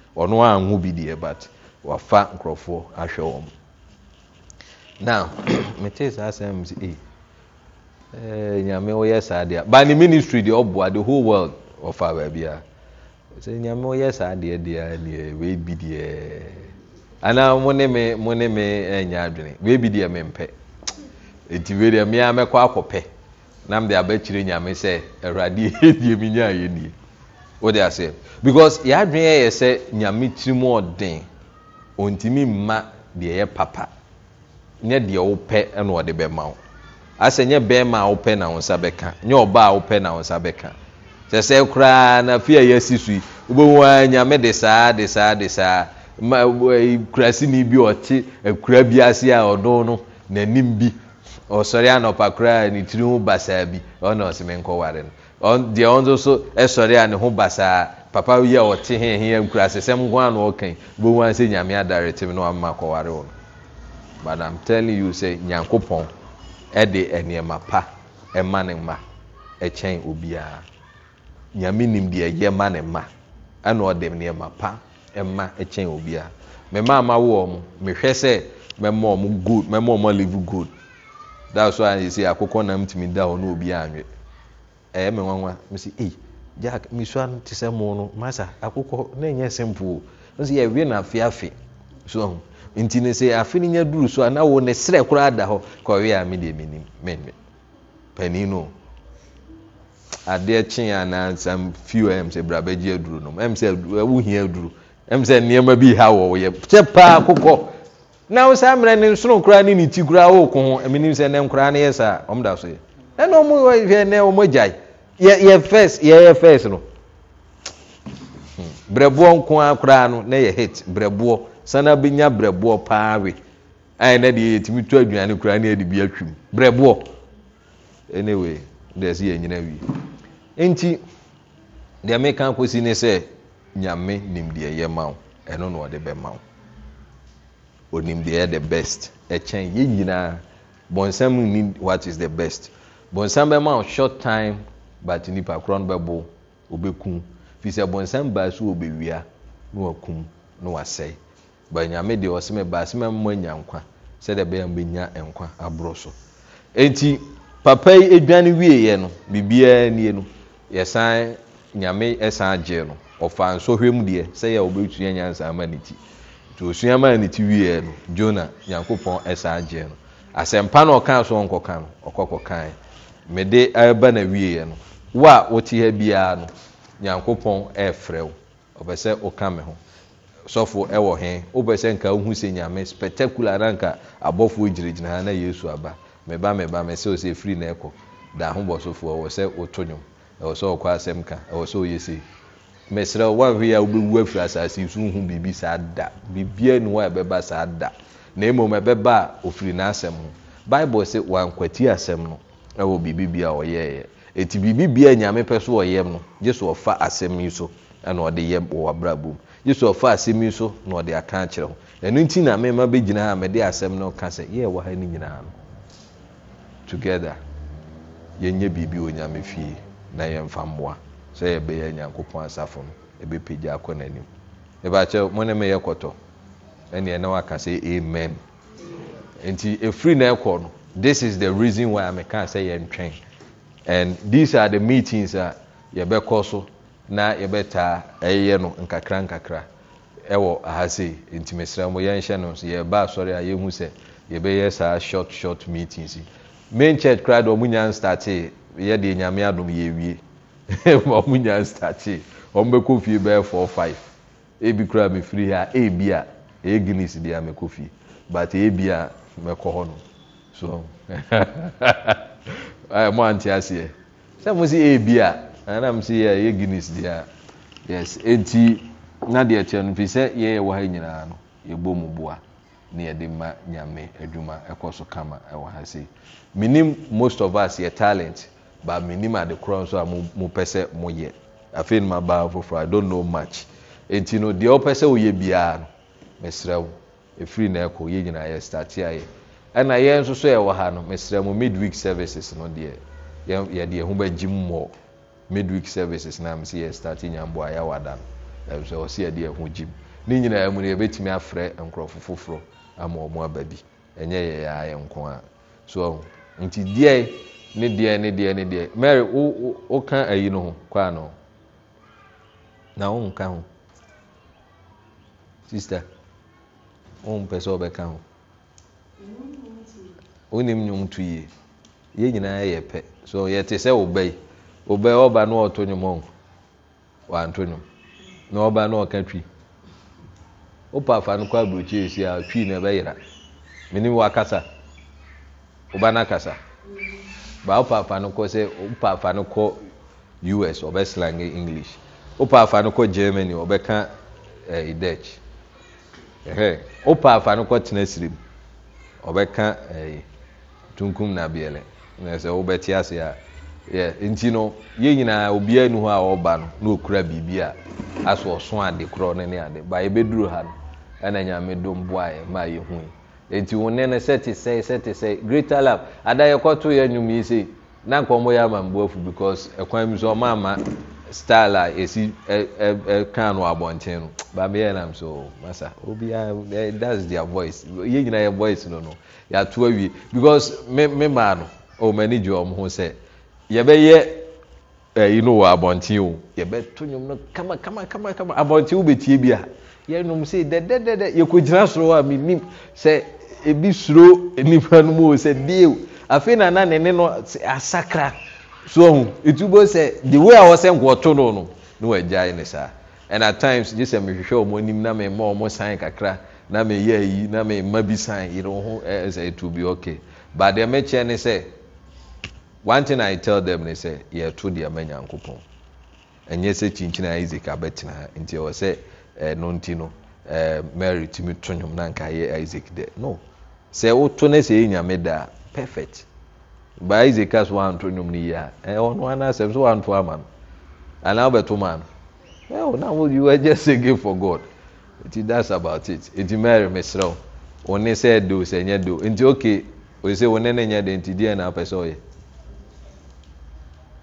ɔno anho bi deɛ but wafa nkurɔfoɔ ahwɛ wɔn now metee saa asɛm mi sɛ ee ɛɛ nyame wɔyɛ saa deɛ by ne ministry deɛ ɔboa the whole world ɔfa baabi a sɛ nyame wɔyɛ saa deɛ deɛ deɛ wei bi deɛ Ana mo ne me mo ne me ɛnya adwene wei bi deɛ mempɛ eti wei deɛ mmea mɛkɔ akɔpɛ nam de abɛkyerɛ nyame sɛ ɛwurade yɛ die mi nya ayɛ die. wode ase because yɛadwene ɛyɛ sɛ nyame tirimu ɔden ɔntimi mma deɛ yɛ papa nyɛ deɛ wopɛ ne ɔde bɛma ma asɛ nyɛ bɛma a wopɛ na wo nsa bɛka nyɛ ɔba a wopɛ na wo nsa bɛka koraa na afei a yɛasi so yi wobɛhu a nyame de saa de saa de saa kuraseni bi ɔte akura bi ase a ɔdo no n'anim bi ɔsɔre anɔpa koraa ne tiri mu basaa bi ɔna ɔseme nkɔware no deɛ ɔ so sɔre a ne ho basaa papa yi a ɔte hehea nkura ase sɛm nko a no ɔkan bɛhu a sɛ nyame adaretimi no wamma kɔware wo no but im telling you say sɛ nyankopɔn ɛde eh, eh, nnoɔma pa ɛma eh, ne mma ɛkyɛn obiara nyame nim deɛ yɛ ma ne mma ɛna ɔde nnoɔma pa ɛma ɛkyɛn obiara memaama woɔ mo mehwɛ sɛ mɛma ɔmo good mɛma ɔmo alive good that's why yɛ sɛ akokɔ nam tumi da hɔ obiara anwe ɛyɛ eh, me nwanwa mesi e jack mesua no te sɛ mo no masa akokɔ na simple o nso afe afe so ahu nti duru a na wo ne serɛ da hɔ a me deɛ menim menwe panin no adeɛ kyee anaa nsɛm few ɛm sɛ nom ɛm sɛ aduro ɛm sɛ nneɛma bi ha wɔ kyɛ paa na wo mmerɛ ne nsono koraa ne ne ti koraa ho sɛ nkoraa ne yɛ saa ɛna ɔmo hwɛ nɛ ɔmo agyae yɛ yɛ fɛs yɛ yɛ fɛs no brɛboɔ nko ara koraa no na yɛ hit brɛboɔ sanna bi nya brɛboɔ paa we ayɛ na deɛ yɛtumi to aduane koraa na yɛde bi atwam brɛboɔ anyway deɛ ɛsi yɛ nyina wie nti deɛ meka kɔsi ne sɛ nyame nim deɛ yɛ ma wo ɛno na ɔde bɛma wo onim deɛ yɛ the best ɛkyɛn yɛ nyinaa bɔnsɛm ni what is the best bɔnsam bɛma wo short time but nnipa korɔ no bɛbo ɔbɛkum firi sɛ bɔnsam baa so wɔbɛwia ne wakum ne wasɛe but nyame deɛ ɔseme baa sɛ mɛmma nya nkwa sɛdeɛ bɛyɛ mbɛnya nkwa aborɔ so enti papa yi adwane wieeɛ no biribiara nie no yɛsan nyame san gyee no ɔfa nsɔhwɛm deɛ sɛ yɛ wɔbɛtua nyansa ama ne ti nti osua maa ne ti wieeɛ no jona nyankopɔn san gyee no asɛmpa no ɔkaa so ɔnkɔka no ɔkɔkɔkae mede eh, ba na wieɛ no wo wote ha biara no nyankopɔn ɛfrɛ wo sɛ ɔka me ho sɔfo ɛwɔ he wopɛ sɛ nka wohu sɛ nyame spectacular na gyinagyina ha na yesu aba meba meba me sɛ na ɛkɔ da ɔwɔ sɛ ɔto nwom ɛwɔ sɛ ɔkɔ asɛm ka ɛwɔ sɛ ɔyɛ a wobɛwu afiri asase biribi saa da na ɛwɔ biribibia a ɔyɛyɛ ɛti biribibia a nyame pɛ so ɔyɛm no Jesu so ɔfa asɛm yi so na ɔde yɛ wɔwabrabom gye so ɔfa asɛm yi so na ɔde aka akyerɛ ho ɛno nti na mema bɛgyinaa a mɛde asɛm no ka sɛ yɛ wɔ ha no nyinaa no together yɛnyɛ biribi wɔ nyame fie na yɛmfa mmoa sɛ yɛbɛyɛ nyankopɔn asafo no ɛbɛpɛgya akɔ n'anim ɛbɛakyɛ mo ne meyɛ kɔtɔ ɛneɛ na waka sɛ amen nti ɛfiri na ɛkɔ no this is the reason why say sɛ trained and these are the meetings uh, a yɛbɛkɔ so na yɛbɛtaa ɛyɛ no nkakra nkakra ɛwɔ ahase ntimisira mu yɛnhyɛ no nso yɛba asɔre a yɛhu sɛ yɛbɛyɛ saa short short meetings main church koraa deɛ ɔmo nya nstate eh, yɛde nyame adom ya ma ɔmo nya nstate ɔmo bɛkɔ fie be 4-5 ebi koraa mi firi ha ebi a ɛyɛ guinness deɛ a mɛkɔ fie but ebi a mɛkɔ no. mo ante aseɛ sɛ mo si ebi a anam si yɛ yɛ guinness di a yes eti na deɛ kyerɛ no fi sɛ yɛyɛ wɔ ha nyinaa no yɛbɔ mu bua na yɛde ma nyame adwuma ɛkɔ so kama ɛwɔ ha si minim most of us yɛ talent ba minim ade korɔ nso a mo pɛ sɛ mo yɛ afei ma ba foforɔ i don't know much eti no deɛ ɔpɛ sɛ oyɛ biara no mesrɛ wo efiri na ɛkɔ yɛ nyinaa yɛ start ayɛ. ɛna yɛn nso so yɛwɔ ha no mesrɛ mu midweek services no deɛ yɛde ɛho bɛgye midweek services na m yɛ start nyamboa yɛawada no eh, ɛnso ɛwɔ sɛ ɛho gye mu ne nyinaa eh, mu no yɛbɛtumi afrɛ nkurɔfo foforɔ ama ɔmo aba bi ɛnyɛ yɛyɛ a yɛ eh, nko a so nti deɛ ne deɛ ne deɛ ne deɛ Mary wo wo ka ayi no ho kɔ ano na wo nka ho sister wo mpɛ sɛ ɔbɛka ho. wonim nwomto yie yɛ nyinaa yɛ pɛ so yɛte sɛ woba yi woba yi ɔba no ɔto nwom ɔn wanto nwom na ɔba no ɔka twi wopa afa no kɔ aburokyi esi a twi na ɛbɛyera menim wakasa woba no akasa ba wopa afa no kɔ sɛ wopa afa no kɔ US ɔbɛslange English wopa afa no kɔ Germany ɔbɛka ɛɛ eh, Dutch ɛhɛ wopa afa no kɔ tena ɔbɛka eh, tunkum na abiɛlɛ na sɛ wobɛte ase a yɛ nti no yɛn nyinaa obiara nu hɔ a ɔba no na okura biribi a asɔ ɔso ade korɔ ne ne ade ba yɛbɛduru ha no ɛna nyame dom boaeɛ ma yɛhu yi e. Eti wo ne no sɛ te sɛ sɛ te sɛ greater love ada yɛkɔto yɛ nnwom yi sei na nkɔmmɔ yɛ amamboafu because ɛkwan mu so ɔma ama style a ɛsi ɛka no abɔnten no baabiɛ nam so masa obiara eh, that's their voice yɛn nyinaa yɛ voice no no yɛato awie because me me maa no ɔmo ani gye ɔmo ho sɛ yɛbɛyɛ ɛyi no wɔ abɔnten o yɛbɛto nnwom no kama kama kama kama abɔnten wo bɛtie bi a yɛnum sɛ dɛdɛdɛdɛ yɛkɔgyina soro a mi nim sɛ ebi suro nipa no mu o sɛ deew afei na na ne ne no asakra. so ɛtubo sɛ de wei a wɔ sɛ nkoɔto no no ne wɔagyae ne and at times gye sɛ mehwehwɛ ɔmɔ nim na memma ɔmɔ sane kakra na meyɛ ayi na memma bi sane yere wo ho sɛ ɛtu bi okay but deɛ mekyɛ ne sɛ one thing I tell them ne sɛ yɛto deɛ ma nyankopɔn ɛnyɛ sɛ kyinkyini a Isaac abɛtena ha nti ɛwɔ sɛ ɛno nti no ɛɛ Mary timi to nnwom na nka yɛ Isaac dɛ no sɛ woto ne sɛ yɛ nyame da perfect baa isaacas wanto nnwom no yie a ɔno anaasɛm so wanto ama no anaa wobɛto ma eh, oh, no na you are just singing for god nti that's about it nti mary mesrɛ wo wo ne sɛ do sɛ nyɛ do nti okay oye sɛ wo ne ne nyɛ de nti deɛ na apɛ sɛ ɔyɛ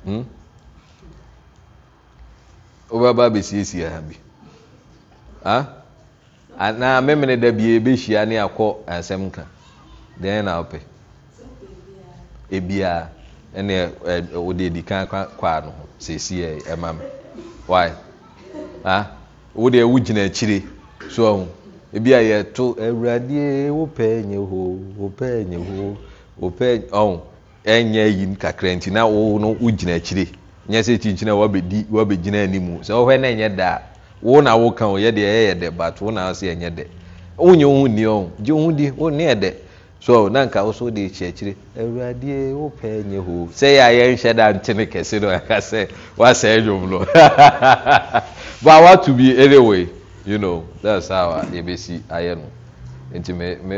hmm wobɛba abɛsiesie ha bi ah anaa memene da bie bɛhyia ne akɔ asɛm ka deɛ na apɛ. ebiaa a, na adi kan kɔa no ho sɛɛsi ɛma me wode wo gyina akyire so ahu ebia yɛto awuradeɛ wo pɛɛ nyɛ hoo wo pɛɛ nyɛ hoo wo ɛnyɛ yi kakra nti na wo no wo akyire nyɛ sɛ kyinkyina anim sɛ na ɛnyɛ da wo na wo ka deɛ ɛyɛ dɛ but wo na ɛnyɛ dɛ nni gye di ne yɛ dɛ so na nka wo so wode kyiakyire awuradeɛ wopɛa nyɛ hoo sɛ yɛ a yɛnhyɛ da ntene kɛse no aka sɛ woasɛe dwom no but woato bi anyway you know that's how a yɛbɛsi ayɛ no nti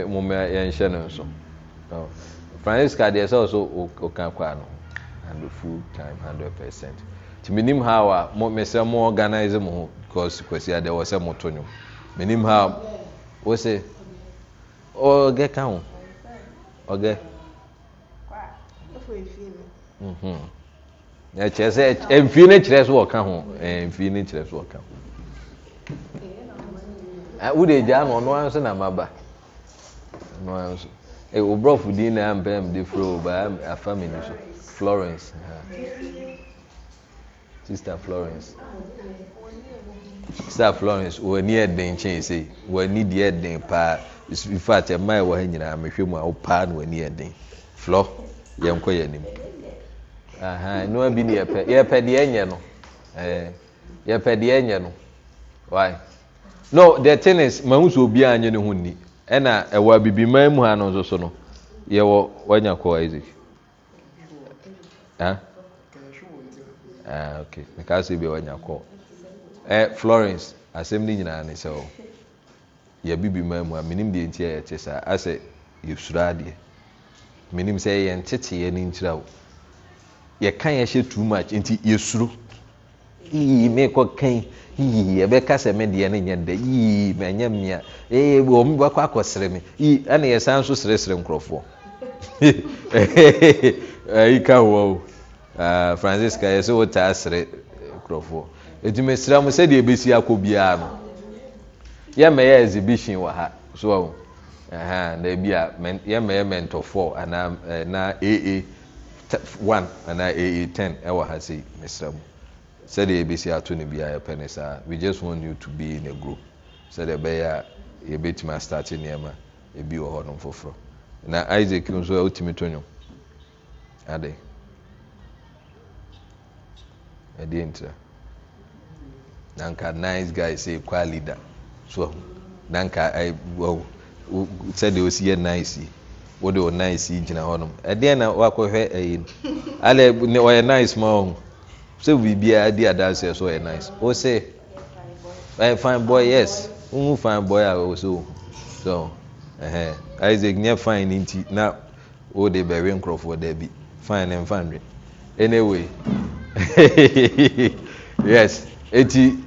moma yɛnhyɛ no nso francisca deɛ sɛ wo so woka kɔa no full time 100 percent nti menim how a mesɛ mo organize mo ho because kwasi adeɛ wɔ sɛ moto nwom menim how wo se ka ho Mhm. kyerɛ sɛ mfii no kyerɛ so wɔka homfii no kyerɛ so wɔka ho wode agyaa no ɔnoa nso na maba ɔnoa nso e, wo brɔfodii no ampɛmde frio ba afa meni so florence sister florence sitr florence wɔani aden nkyɛsei wɔani di den paa infact ma ɛwɔ ha nyinaa mehwɛ mu a wopaa no w'ani ɛden flɔ yɛnkɔ yɛ anim bi ne yɛpɛ yɛpɛ deɛ ɛnyɛ no yɛpɛ deɛ ɛnyɛ no why no the tennis ma mahu sɛ obiara nye ne ho nni ɛna ɛwɔ abibiman mu ha no nso uh, so no yɛwɔ wanya kɔ isaac ah ok mekaa sɛ bia wanya kɔ ɛ florence asɛm no nyinaa ne sɛ o yɛbibi maa mu a menim deɛ nti a yɛte saa asɛ yɛsuro adeɛ menim sɛ yɛn teteeɛ ne nkyira o yɛka yɛhyɛ too much nti yɛsuro yii meekɔ kan yii yɛbɛka sɛ me deɛ no nyɛ dɛ yii manyɛ mmea ee wɔn bɛkɔ akɔsere me yii ɛna yɛsan nso seresere nkurɔfoɔ ɛyi ka wɔ o ah, francis ka yɛ sɛ wɔtaa sere nkurɔfoɔ etu mesra sɛdeɛ ebesi akɔ biara no. yɛmɛyɛ exhibition wɔ ha so uh-huh, na bi a yɛmɛyɛ mentor four anaa uh, na aa one anaa aa ten ɛwɔ eh, ha sei mesra mu sɛdeɛ yɛbɛsi ato no biara yɛpɛ ne saa we just want you to be in a group sɛdeɛ ɛbɛyɛ a yɛbɛtumi astarte nneɛma ebi wɔ hɔ nom foforɔ na isaac nso um, a wotumi to nwom ade ɛdeɛ ntira na nka nice guy sɛ ekwa leader so ahu na nka ai wow sɛdeɛ osi yɛ nan si wode o nan si gyina hɔnom ɛdeɛ na wakɔhwɛ ɛyi no alɛ ne ɔyɛ nice ma ɔho sɛ biribiara di adanseɛ so ɔyɛ oh, nice o sɛ ɛyɛ fine boy yes ohun fine boy a ɔwɔ so so ɛhɛn uh-huh. isaac nyɛ fine ne nti na o de bɛwe nkorɔfoɔ dɛbi fine ne nfa nwi anyway yes eti.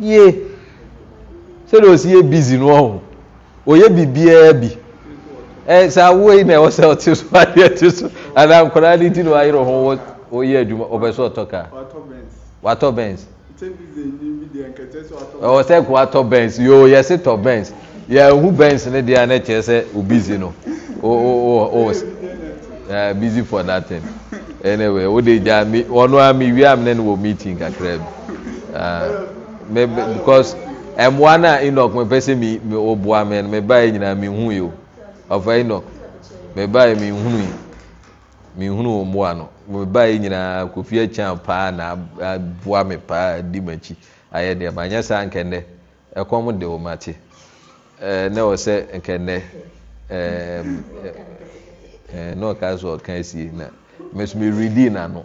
yie sɛdeɛ ɔsi yɛ busy no ɔho ɔyɛ biribiara bi sɛ awoe na ɛwɔ sɛ ɔte so adeɛ te so anaa nkwadaa ne ti na wayerɛ ho ɔyɛ adwuma ɔbɛ so ɔtɔ kaa watɔ bɛns ɔwɔ sɛ ko watɔ bɛns yoo yɛse tɔ bɛns yɛhu bɛns ne deɛ ne kyerɛ sɛ o busy no o o o o busy for that thing anyway o de gya mi ɔno a mi wi am ne no wɔ meeting kakra bi. Ah. because mmoa e e, no e nyina mi hu sɛ o me no mebaɛ nyinaa menhuuo mmoa no nyina kofi paa na aboa me paa di makyi ayɛ deɛ manyɛ saa nkɛnnɛ ɛkɔm de wo ẹ ne wɔ sɛ ẹ ẹ ɔka so ɔka sie na nano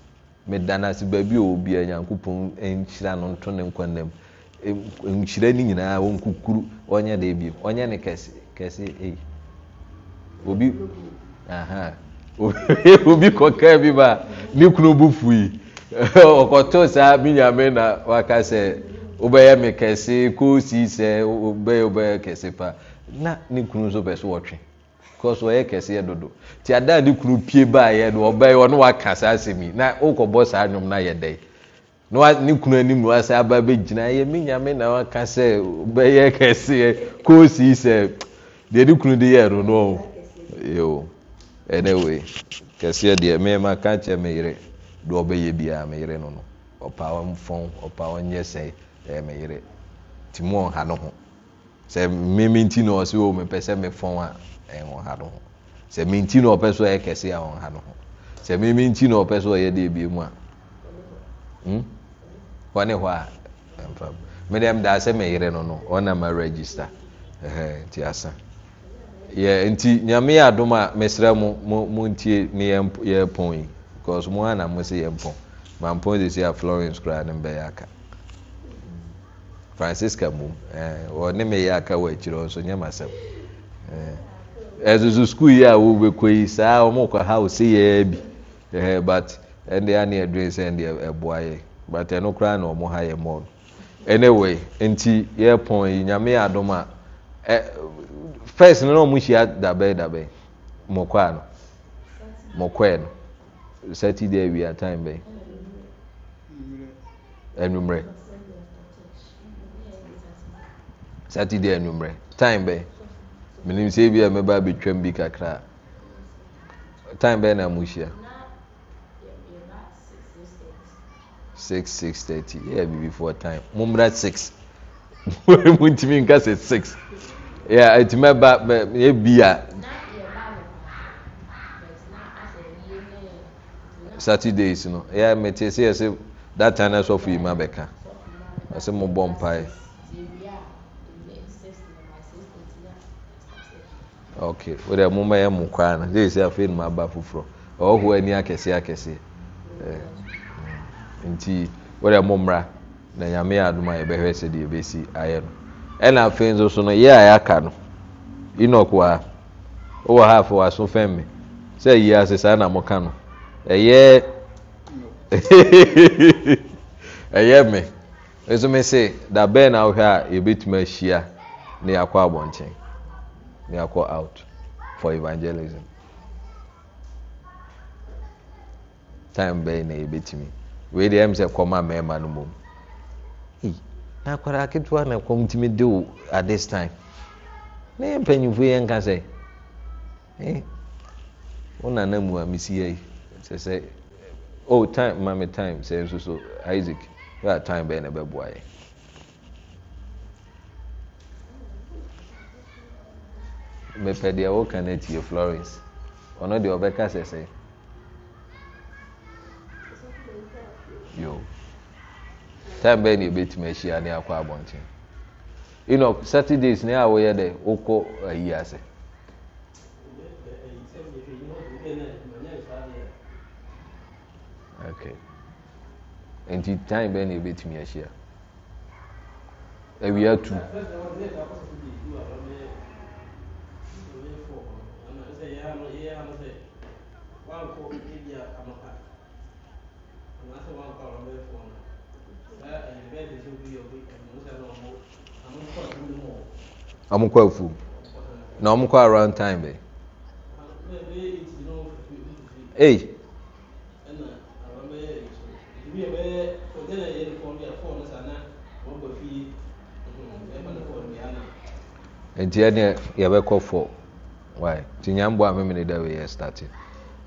medanoase baabi a ɔbi a nyankopɔn nhyira no nto ne nkwanam nhyira no nyinaa ɔnkukuru ɔnyɛ de bio ɔnyɛ no kɛse obi kɔkaa bi ma ne kunu bo fui ɔkɔtoo saa menyame na waka sɛ wobɛyɛ me kɛse kɔsii sɛ wobɛyɛ wobɛyɛ kɛse pa na ne kunu nso pɛ so wɔtwe because ɔyɛ kɛseɛ dodo nti adaa ne kunu pie baayɛ no ɔbɛyɛ ɔno waka saa asɛm yi na ɔkɔbɔ saa nnwom no ayɛ dɛ na ne kunu anim na wasa aba bɛgyina yɛ me nyame na waka sɛ ɔbɛyɛ kɛseɛ koosi sɛ deɛ ne kunu de yɛ no no yo ɛnɛ wei kɛseɛ deɛ mɛma ka kyerɛ me yere deɛ ɔbɛyɛ biara me yere no no ɔpa ɔmfɔn ɔpa ɔnyɛ sɛ ɛyɛ eh, me yere ti mu ɔha no ho sɛ mímí ti na ɔsi wɔ mu pɛ sɛ mi fɔn a wɔha no ho sɛ menti no ɔpɛ so ɔyɛ kɛseɛ a wɔha no ho sɛ mementi no ɔpɛ so ɔyɛ deɛ bie mu a hmm? ɔne hɔ a medem daa sɛ meyere no no ma register nti asa nti nyame yɛ adom a mu mo montie ne yɛpɔn yi because mo ana mo sɛ yɛmpɔn mampɔn de sɛ a Florence koraa ne mbɛyɛ aka Francisca mom ɔne meyɛ aka wɔ akyirɛ so nyɛ masɛm Ezuzu sukuul yi a wɔbɛkɔ yi saa ɔmokɔ ha o sɛ yɛa bi but ɛnde ane ɛdwene sɛ ɛnde ɛboa yɛ but ɛno na ha yɛ anyway nti yɛpɔn yi nyame adom a first na ɔmo hyia dabɛn awia time time menim sɛ bi a mɛba bɛtwam bi kakraa time bɛɛ na muhyia 6630 yɛyɛ biribi for time mommra 6 mu ntumi nka sɛ 6 ɛtumi ɛba ɛbi a saturdays no yɛ mete sɛ yɛ sɛ that time na sɔfo yi ma bɛka ɛsɛ mobɔ mpaeɛ ok moma yɛ mo kwaa no gye sɛ afei no maaba foforɔ ɔwɔhoa ani akɛseɛ akɛseɛ nti wode mo mmra na nyame yɛ adom a yɛbɛhwɛ sɛ deɛ yɛbɛsi ayɛ no ɛna afei nso so no yɛ a yɛaka no inok wɔ wowɔ ha afei waso fɛn me sɛ yi ase saa na moka no ɛyɛ ɛyɛ me nso me se da bɛn na wohwɛ a yɛbɛtumi ahyia na yɛakɔ abɔnkyɛn yakɔ out fɔr evangelism time bɛɛ na yɛbɛtumi weide mu sɛ kɔm amɛrma no momna kwaraaketea no kɔm timi de wo adhis time na yɛmpɛ nyimfo eh, yɛ ka sɛ oh, wonanamu a mesiayi sɛ sɛma me tim sɛ nsuso isaac ɛa time bɛ na bɛboayɛ mepɛ deɛ woka no atie florence ɔno deɛ ɔbɛka sɛ sɛ yo time bɛɛ ne ɛbɛtumi ahyia ne akɔ abɔnten enoch saturdays ne a woyɛ dɛ wokɔ ayi uh, ase okay nti time bɛɛ ne ɛbɛtumi ahyia awia tu. wankɔ ebi a amapa anaasɛ wankɔ a wɔbɛyɛ fɔɔ no saa ɛyɛ bɛyɛ de sɛ obi yɛ obi ɛmu sɛ na ɔmo amokɔ afu no mu wɔ ɔmo kɔ afu na ɔmo kɔ around time bɛ ei ɛna abɛyɛ ɛso ebi yɛ bɛyɛ ɔdɛ na yɛ fɔɔ bi a fɔɔ no saa na wɔbɔ fie ɛfɔ no fɔɔ bi ana nti ɛneɛ yɛbɛkɔ fɔɔ wae nti nyamboa memene dɛ weyɛ starting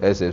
Ese es.